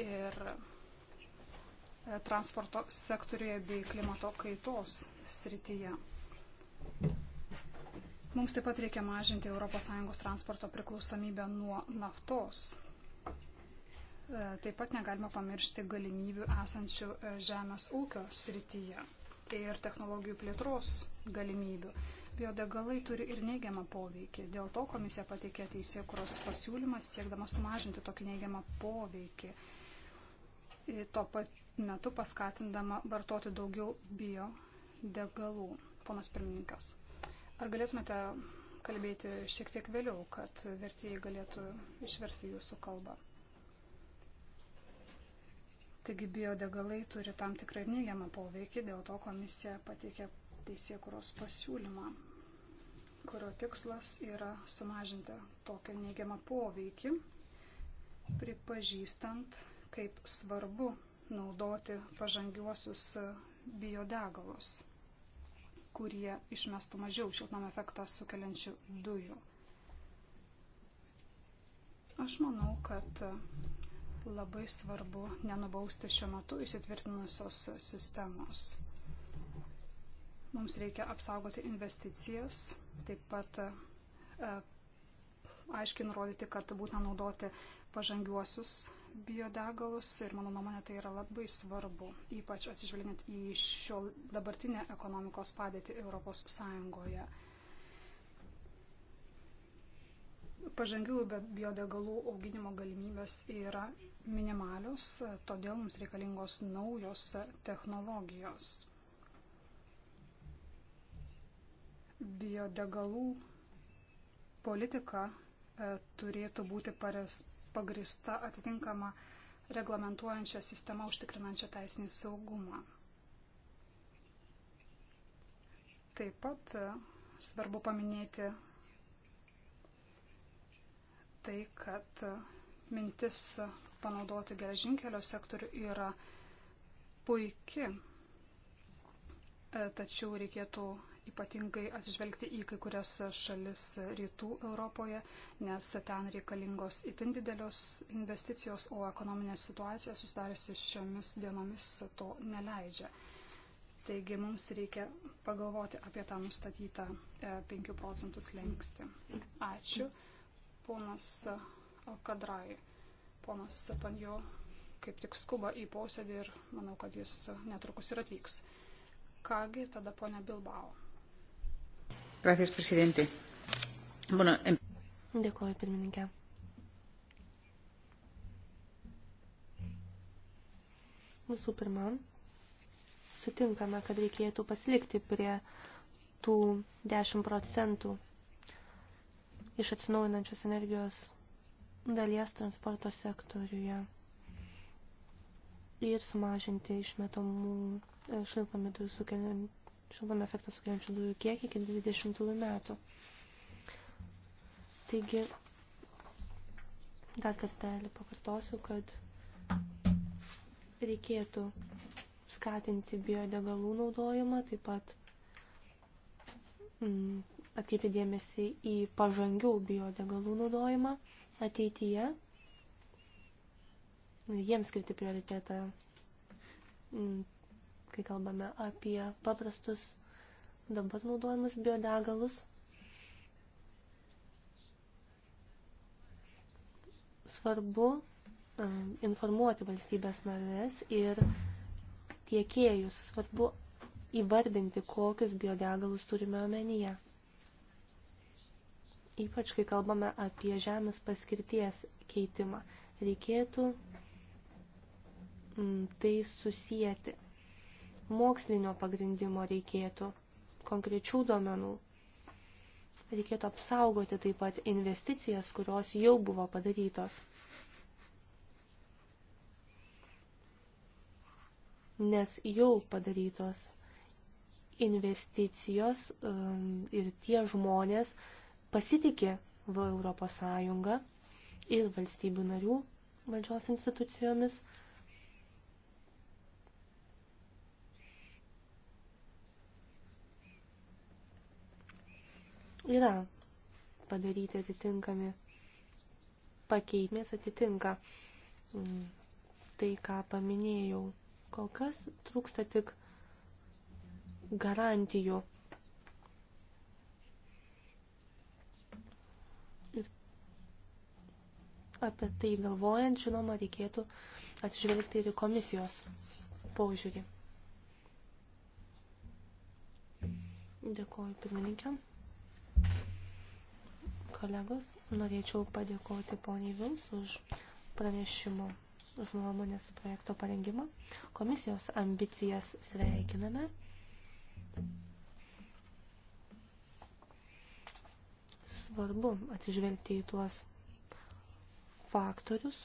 C: Ir e, transporto sektoriuje bei klimato kaitos srityje. Mums taip pat reikia mažinti ES transporto priklausomybę nuo naftos. E, taip pat negalima pamiršti galimybių esančių e, žemės ūkio srityje ir technologijų plėtros galimybių biodegalai turi ir neigiamą poveikį. Dėl to komisija pateikė teisėkuros pasiūlymas, siekdama sumažinti tokį neigiamą poveikį. Ir tuo pat metu paskatindama vartoti daugiau biodegalų. Ponas pirmininkas, ar galėtumėte kalbėti šiek tiek vėliau, kad vertėjai galėtų išversti jūsų kalbą? Taigi biodegalai turi tam tikrą ir neigiamą poveikį, dėl to komisija pateikė teisėkuros pasiūlymą kurio tikslas yra sumažinti tokio neigiamą poveikį, pripažįstant, kaip svarbu naudoti pažangiuosius biodegalus, kurie išmestų mažiau šiltnam efektą sukeliančių dujų. Aš manau, kad labai svarbu nenubausti šiuo metu įsitvirtinusios sistemos. Mums reikia apsaugoti investicijas, taip pat e, aiškiai nurodyti, kad būtina naudoti pažangiuosius biodegalus ir mano nuomonė tai yra labai svarbu, ypač atsižvelgiant į šio dabartinę ekonomikos padėtį Europos Sąjungoje. Pažangių biodegalų auginimo galimybės yra minimalios, todėl mums reikalingos naujos technologijos. biodegalų politika e, turėtų būti pagrista atitinkama reglamentuojančią sistemą užtikrinančią teisinį saugumą. Taip pat e, svarbu paminėti tai, kad e, mintis panaudoti geležinkelio sektorių yra puiki, tačiau reikėtų ypatingai atsižvelgti į kai kurias šalis rytų Europoje, nes ten reikalingos itin didelios investicijos, o ekonominė situacija susidariusi šiomis dienomis to neleidžia. Taigi mums reikia pagalvoti apie tą nustatytą 5 e, procentų slengsti. Ačiū. Ponas Kadrai, ponas Panjo kaip tik skuba į posėdį ir manau, kad jis netrukus ir atvyks. Kągi, tada ponia Bilbao. Gracias, prezidentė. Bueno, em...
A: Dėkuoju, pirmininkė. Visų pirma, sutinkame, kad reikėtų pasilikti prie tų 10 procentų iš atsinaujinančios energijos dalies transporto sektoriuje ir sumažinti išmetamų e, šiltnamį dujų sukeliančių šiltnamio efektą sukeliančių dujų kiekį iki 20 metų. Taigi, dar kartelį pakartosiu, kad reikėtų skatinti biodegalų naudojimą, taip pat mm, atkreipti dėmesį į pažangių biodegalų naudojimą ateityje, jiems skirti prioritetą mm, kai kalbame apie paprastus dabar naudojamus biodegalus. Svarbu informuoti valstybės narės ir tiekėjus. Svarbu įvardinti, kokius biodegalus turime omenyje. Ypač, kai kalbame apie žemės paskirties keitimą, reikėtų tai susijęti mokslinio pagrindimo reikėtų, konkrečių duomenų. Reikėtų apsaugoti taip pat investicijas, kurios jau buvo padarytos. Nes jau padarytos investicijos um, ir tie žmonės pasitikė Europos Sąjungą ir valstybių narių valdžios institucijomis – yra padaryti atitinkami pakeitmės, atitinka mm, tai, ką paminėjau. Kol kas trūksta tik garantijų. Ir apie tai galvojant, žinoma, reikėtų atsižvelgti ir komisijos požiūrį. Dėkuoju pirmininkėm kolegos, norėčiau padėkoti poniai Vils už pranešimo, už nuomonės projekto parengimą. Komisijos ambicijas sveikiname. Svarbu atsižvelgti į tuos faktorius,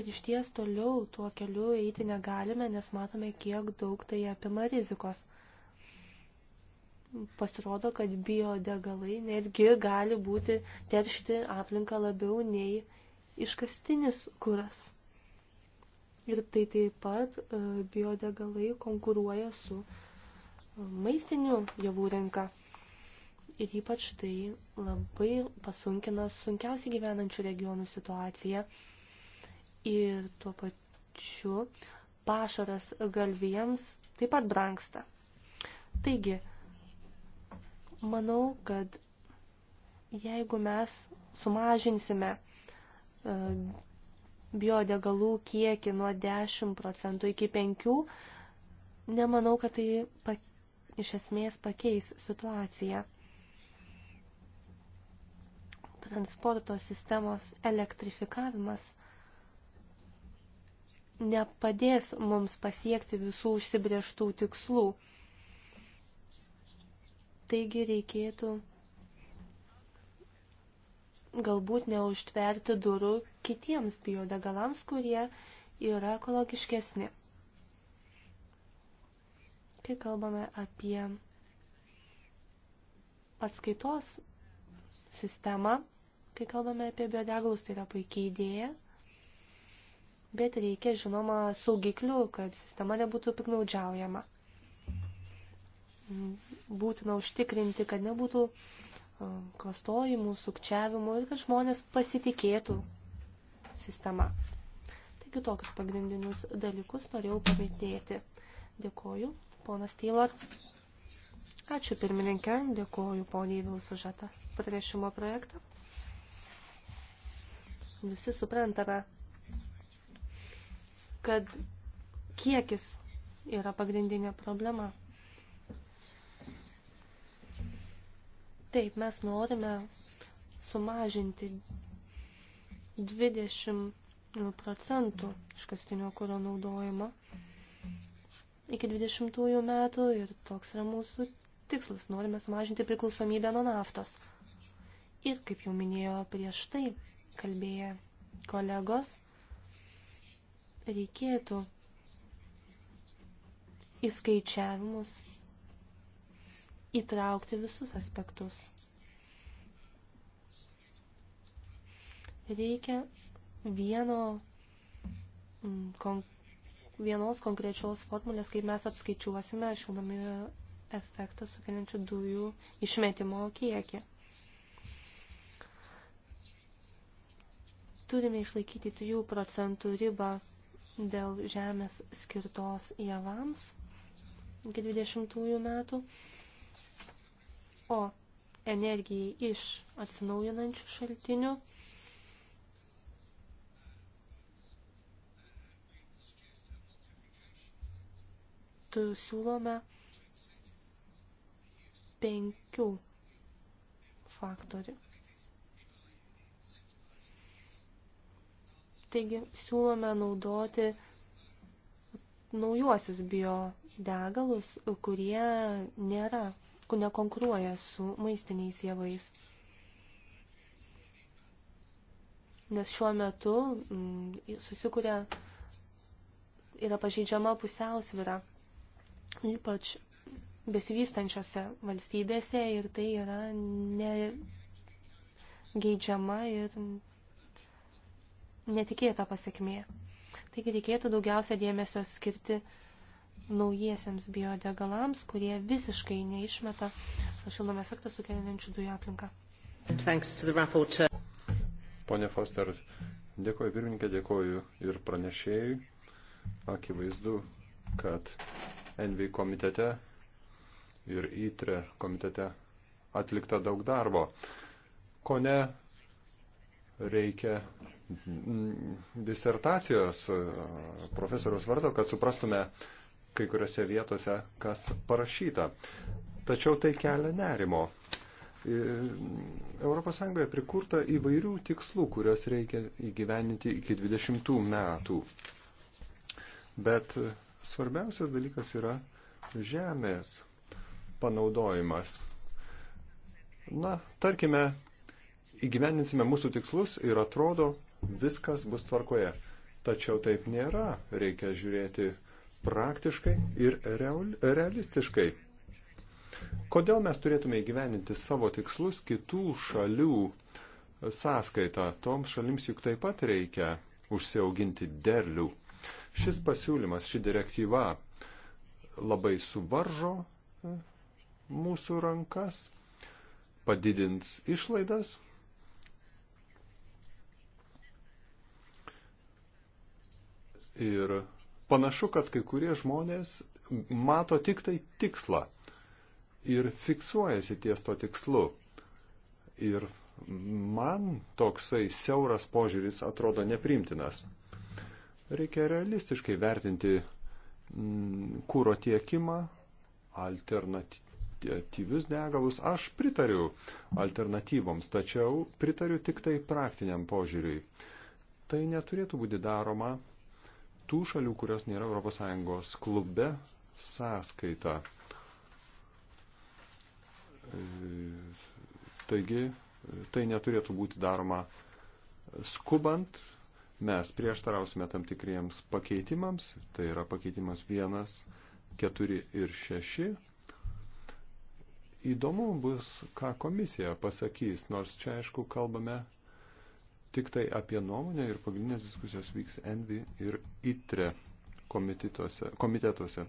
A: ir iš ties toliau tuo keliu eiti negalime, nes matome, kiek daug tai apima rizikos pasirodo, kad biodegalai netgi gali būti teršti aplinką labiau nei iškastinis kuras. Ir tai taip pat e, biodegalai konkuruoja su e, maistiniu javų rinka. Ir ypač tai labai pasunkina sunkiausiai gyvenančių regionų situaciją. Ir tuo pačiu pašaras galvijams taip pat branksta. Taigi, Manau, kad jeigu mes sumažinsime e, biodegalų kiekį nuo 10 procentų iki 5, nemanau, kad tai iš esmės pakeis situaciją. Transporto sistemos elektrifikavimas nepadės mums pasiekti visų užsibrieštų tikslų. Taigi reikėtų galbūt neužtverti durų kitiems biodegalams, kurie yra ekologiškesni. Kai kalbame apie atskaitos sistemą, kai kalbame apie biodegalus, tai yra puikiai idėja, bet reikia, žinoma, saugiklių, kad sistema nebūtų piknaudžiaujama būtina užtikrinti, kad nebūtų klastojimų, sukčiavimų ir kad žmonės pasitikėtų sistema. Taigi tokius pagrindinius dalykus norėjau paminėti. Dėkoju, ponas Taylor. Ačiū pirmininkė, dėkoju poniai Vils už tą pranešimo projektą. Visi suprantame, kad kiekis yra pagrindinė problema. Taip, mes norime sumažinti 20 procentų iškastinio kūro naudojimą iki 20 metų ir toks yra mūsų tikslas. Norime sumažinti priklausomybę nuo naftos. Ir kaip jau minėjo prieš tai kalbėję kolegos, reikėtų įskaičiavimus įtraukti visus aspektus. Reikia vieno, mm, kon, vienos konkrečios formulės, kaip mes apskaičiuosime šildomio efektą sukeliančių dujų išmetimo kiekį. Turime išlaikyti 3 procentų ribą dėl žemės skirtos javams iki 20 metų o energijai iš atsinaujinančių šaltinių siūlome penkių faktorių. Taigi siūlome naudoti naujuosius biodegalus, kurie nėra nekonkuruoja su maistiniais javais. Nes šiuo metu mm, susikuria yra pažeidžiama pusiausvyra, ypač besivystančiose valstybėse ir tai yra negeidžiama ir netikėta pasiekmė. Taigi reikėtų daugiausia dėmesio skirti uh, naujiesiams biodegalams, kurie visiškai neišmeta šildomą efektą sukeliančių dujų aplinką.
B: Pone Foster, dėkoju pirmininkė, dėkoju ir pranešėjui. Akivaizdu, kad NV komitete ir ITRE komitete atlikta daug darbo. Ko ne, reikia disertacijos profesoriaus vardo, kad suprastume, kai kuriuose vietose, kas parašyta. Tačiau tai kelia nerimo. ES prikurta įvairių tikslų, kuriuos reikia įgyveninti iki 20 metų. Bet svarbiausias dalykas yra žemės panaudojimas. Na, tarkime, įgyvendinsime mūsų tikslus ir atrodo, viskas bus tvarkoje. Tačiau taip nėra. Reikia žiūrėti praktiškai ir realistiškai. Kodėl mes turėtume įgyveninti savo tikslus kitų šalių sąskaitą? Toms šalims juk taip pat reikia užsiauginti derlių. Šis pasiūlymas, ši direktyva labai suvaržo e, mūsų rankas, padidins išlaidas. Ir Panašu, kad kai kurie žmonės mato tik tai tikslą ir fiksuojasi ties to tikslu. Ir man toksai siauras požiūris atrodo neprimtinas. Reikia realistiškai vertinti mm, kūro tiekimą, alternatyvius degalus. Aš pritariu alternatyvoms, tačiau pritariu tik tai praktiniam požiūriui. Tai neturėtų būti daroma tų šalių, kurios nėra ES klube sąskaita. Taigi, tai neturėtų būti daroma skubant. Mes prieštarausime tam tikriems pakeitimams, tai yra pakeitimas 1, 4 ir 6. Įdomu bus, ką komisija pasakys, nors čia aišku kalbame tik tai apie nuomonę ir pagrindinės diskusijos vyks Envi ir ITRE komitetuose.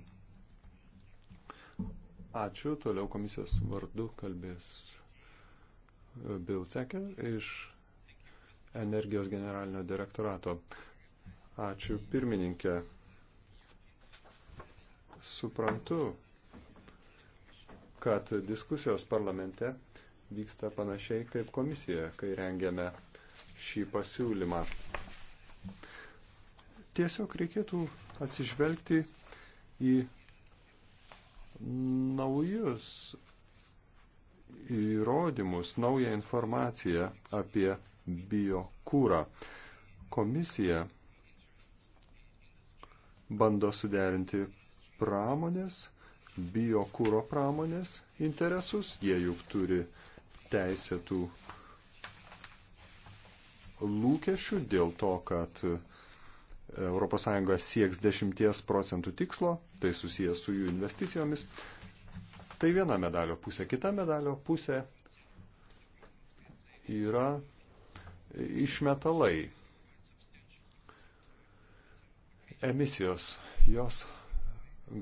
B: Ačiū, toliau komisijos vardu kalbės e, Bilsekė iš energijos generalinio direktorato. Ačiū pirmininkė. Suprantu, kad diskusijos parlamente vyksta panašiai kaip komisija, kai rengiame šį pasiūlymą. Tiesiog reikėtų atsižvelgti į naujus įrodymus, naują informaciją apie biokūrą. Komisija bando suderinti pramonės, biokūro pramonės interesus, jie juk turi teisėtų lūkesčių dėl to, kad ES sieks 10 procentų tikslo, tai susijęs su jų investicijomis. Tai viena medalio pusė. Kita medalio pusė yra išmetalai. Emisijos, jos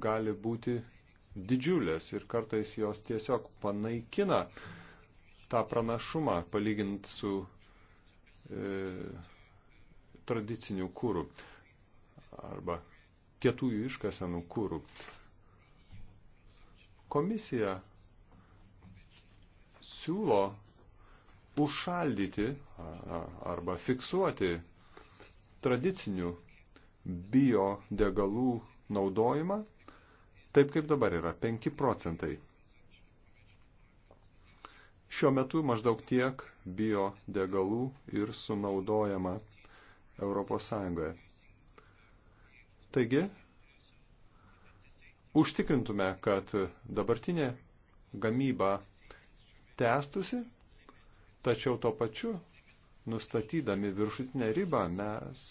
B: gali būti didžiulės ir kartais jos tiesiog panaikina tą pranašumą palygint su E, tradicinių kūrų arba kietųjų iškasenų kūrų. Komisija siūlo užšaldyti arba fiksuoti tradicinių biodegalų naudojimą, taip kaip dabar yra 5 procentai. Šiuo metu maždaug tiek biodegalų ir sunaudojama ES. Taigi, užtikrintume, kad dabartinė gamyba tęstusi, tačiau tuo pačiu, nustatydami viršutinę ribą, mes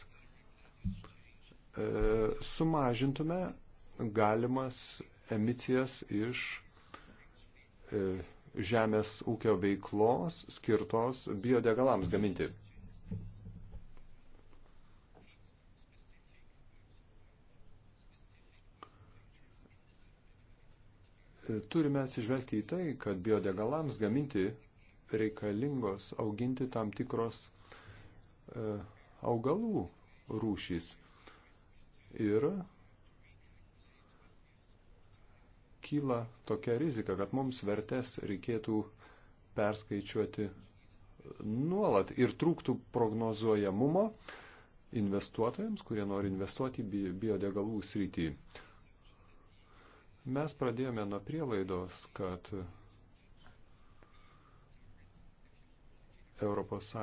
B: e, sumažintume galimas emisijas iš e, žemės ūkio veiklos skirtos biodegalams gaminti. Turime atsižvelgti į tai, kad biodegalams gaminti reikalingos auginti tam tikros e, augalų rūšys. Ir kyla tokia rizika, kad mums vertės reikėtų perskaičiuoti nuolat ir trūktų prognozuojamumo investuotojams, kurie nori investuoti į biodegalų srity. Mes pradėjome nuo prielaidos, kad ES e,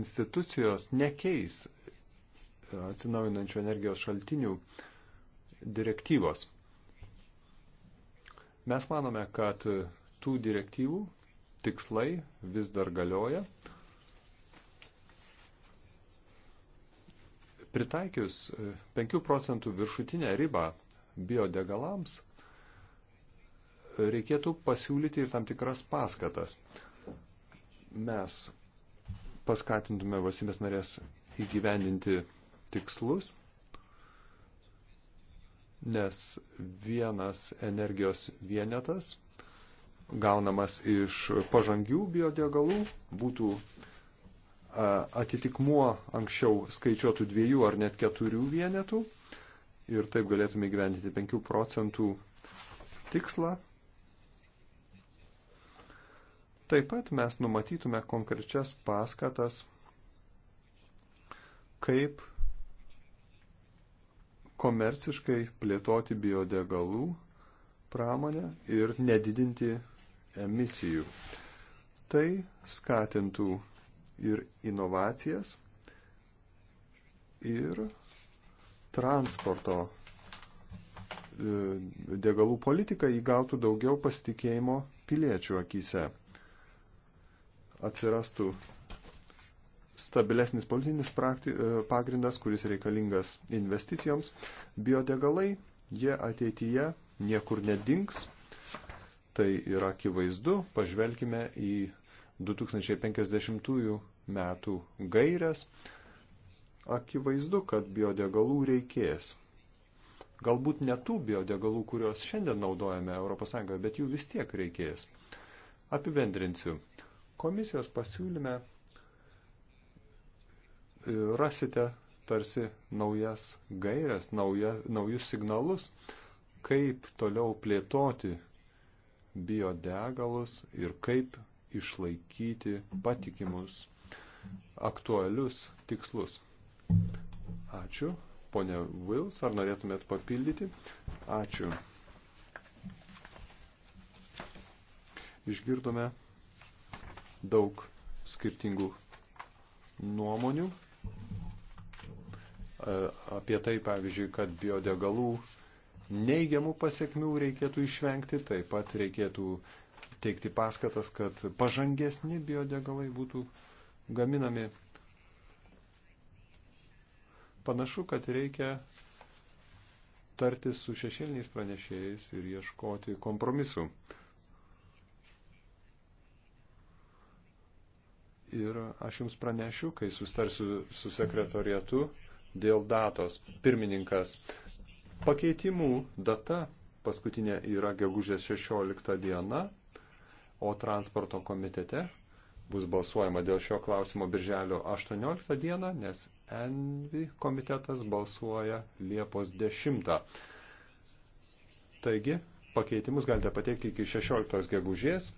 B: institucijos nekeis atsinaujinančių energijos šaltinių direktyvos. Mes manome, kad tų direktyvų tikslai vis dar galioja. Pritaikius 5 procentų viršutinę ribą biodegalams, reikėtų pasiūlyti ir tam tikras paskatas. Mes paskatintume valstybės narės įgyvendinti tikslus nes vienas energijos vienetas gaunamas iš pažangių biodegalų būtų atitikmuo anksčiau skaičiuotų dviejų ar net keturių vienetų ir taip galėtume gyventi 5 procentų tikslą. Taip pat mes numatytume konkrečias paskatas, kaip komerciškai plėtoti biodegalų pramonę ir nedidinti emisijų. Tai skatintų ir inovacijas, ir transporto e, degalų politika įgautų daugiau pasitikėjimo piliečių akise. Atsirastų stabilesnis politinis prakti, e, pagrindas, kuris reikalingas investicijoms. Biodegalai, jie ateityje niekur nedings. Tai yra akivaizdu. Pažvelkime į 2050 metų gairias. Akivaizdu, kad biodegalų reikės. Galbūt ne tų biodegalų, kuriuos šiandien naudojame ES, bet jų vis tiek reikės. Apibendrinsiu. Komisijos pasiūlyme rasite tarsi naujas gairias, nauja, naujus signalus, kaip toliau plėtoti biodegalus ir kaip išlaikyti patikimus aktualius tikslus. Ačiū. Pone Vils, ar norėtumėt papildyti? Ačiū. Išgirdome daug skirtingų nuomonių E, apie tai, pavyzdžiui, kad biodegalų neigiamų pasiekmių reikėtų išvengti, taip pat reikėtų teikti paskatas, kad pažangesni biodegalai būtų gaminami. Panašu, kad reikia tartis su šešėliniais pranešėjais ir ieškoti kompromisų. Ir aš jums pranešiu, kai sustarsiu su sekretorietu dėl datos. Pirmininkas, pakeitimų data paskutinė yra gegužės 16 diena, o transporto komitete bus balsuojama dėl šio klausimo birželio 18 dieną, nes Envi komitetas balsuoja Liepos 10. Taigi, pakeitimus galite pateikti iki 16 gegužės,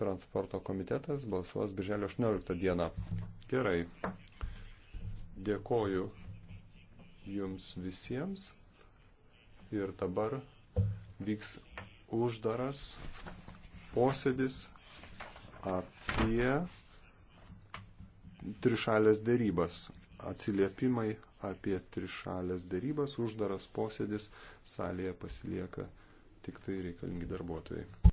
B: transporto komitetas balsuos birželio 18 dieną. Gerai. Dėkoju jums visiems. Ir dabar vyks uždaras posėdis apie trišalės dėrybas. Atsiliepimai apie trišalės dėrybas, uždaras posėdis, salėje pasilieka tik tai reikalingi darbuotojai.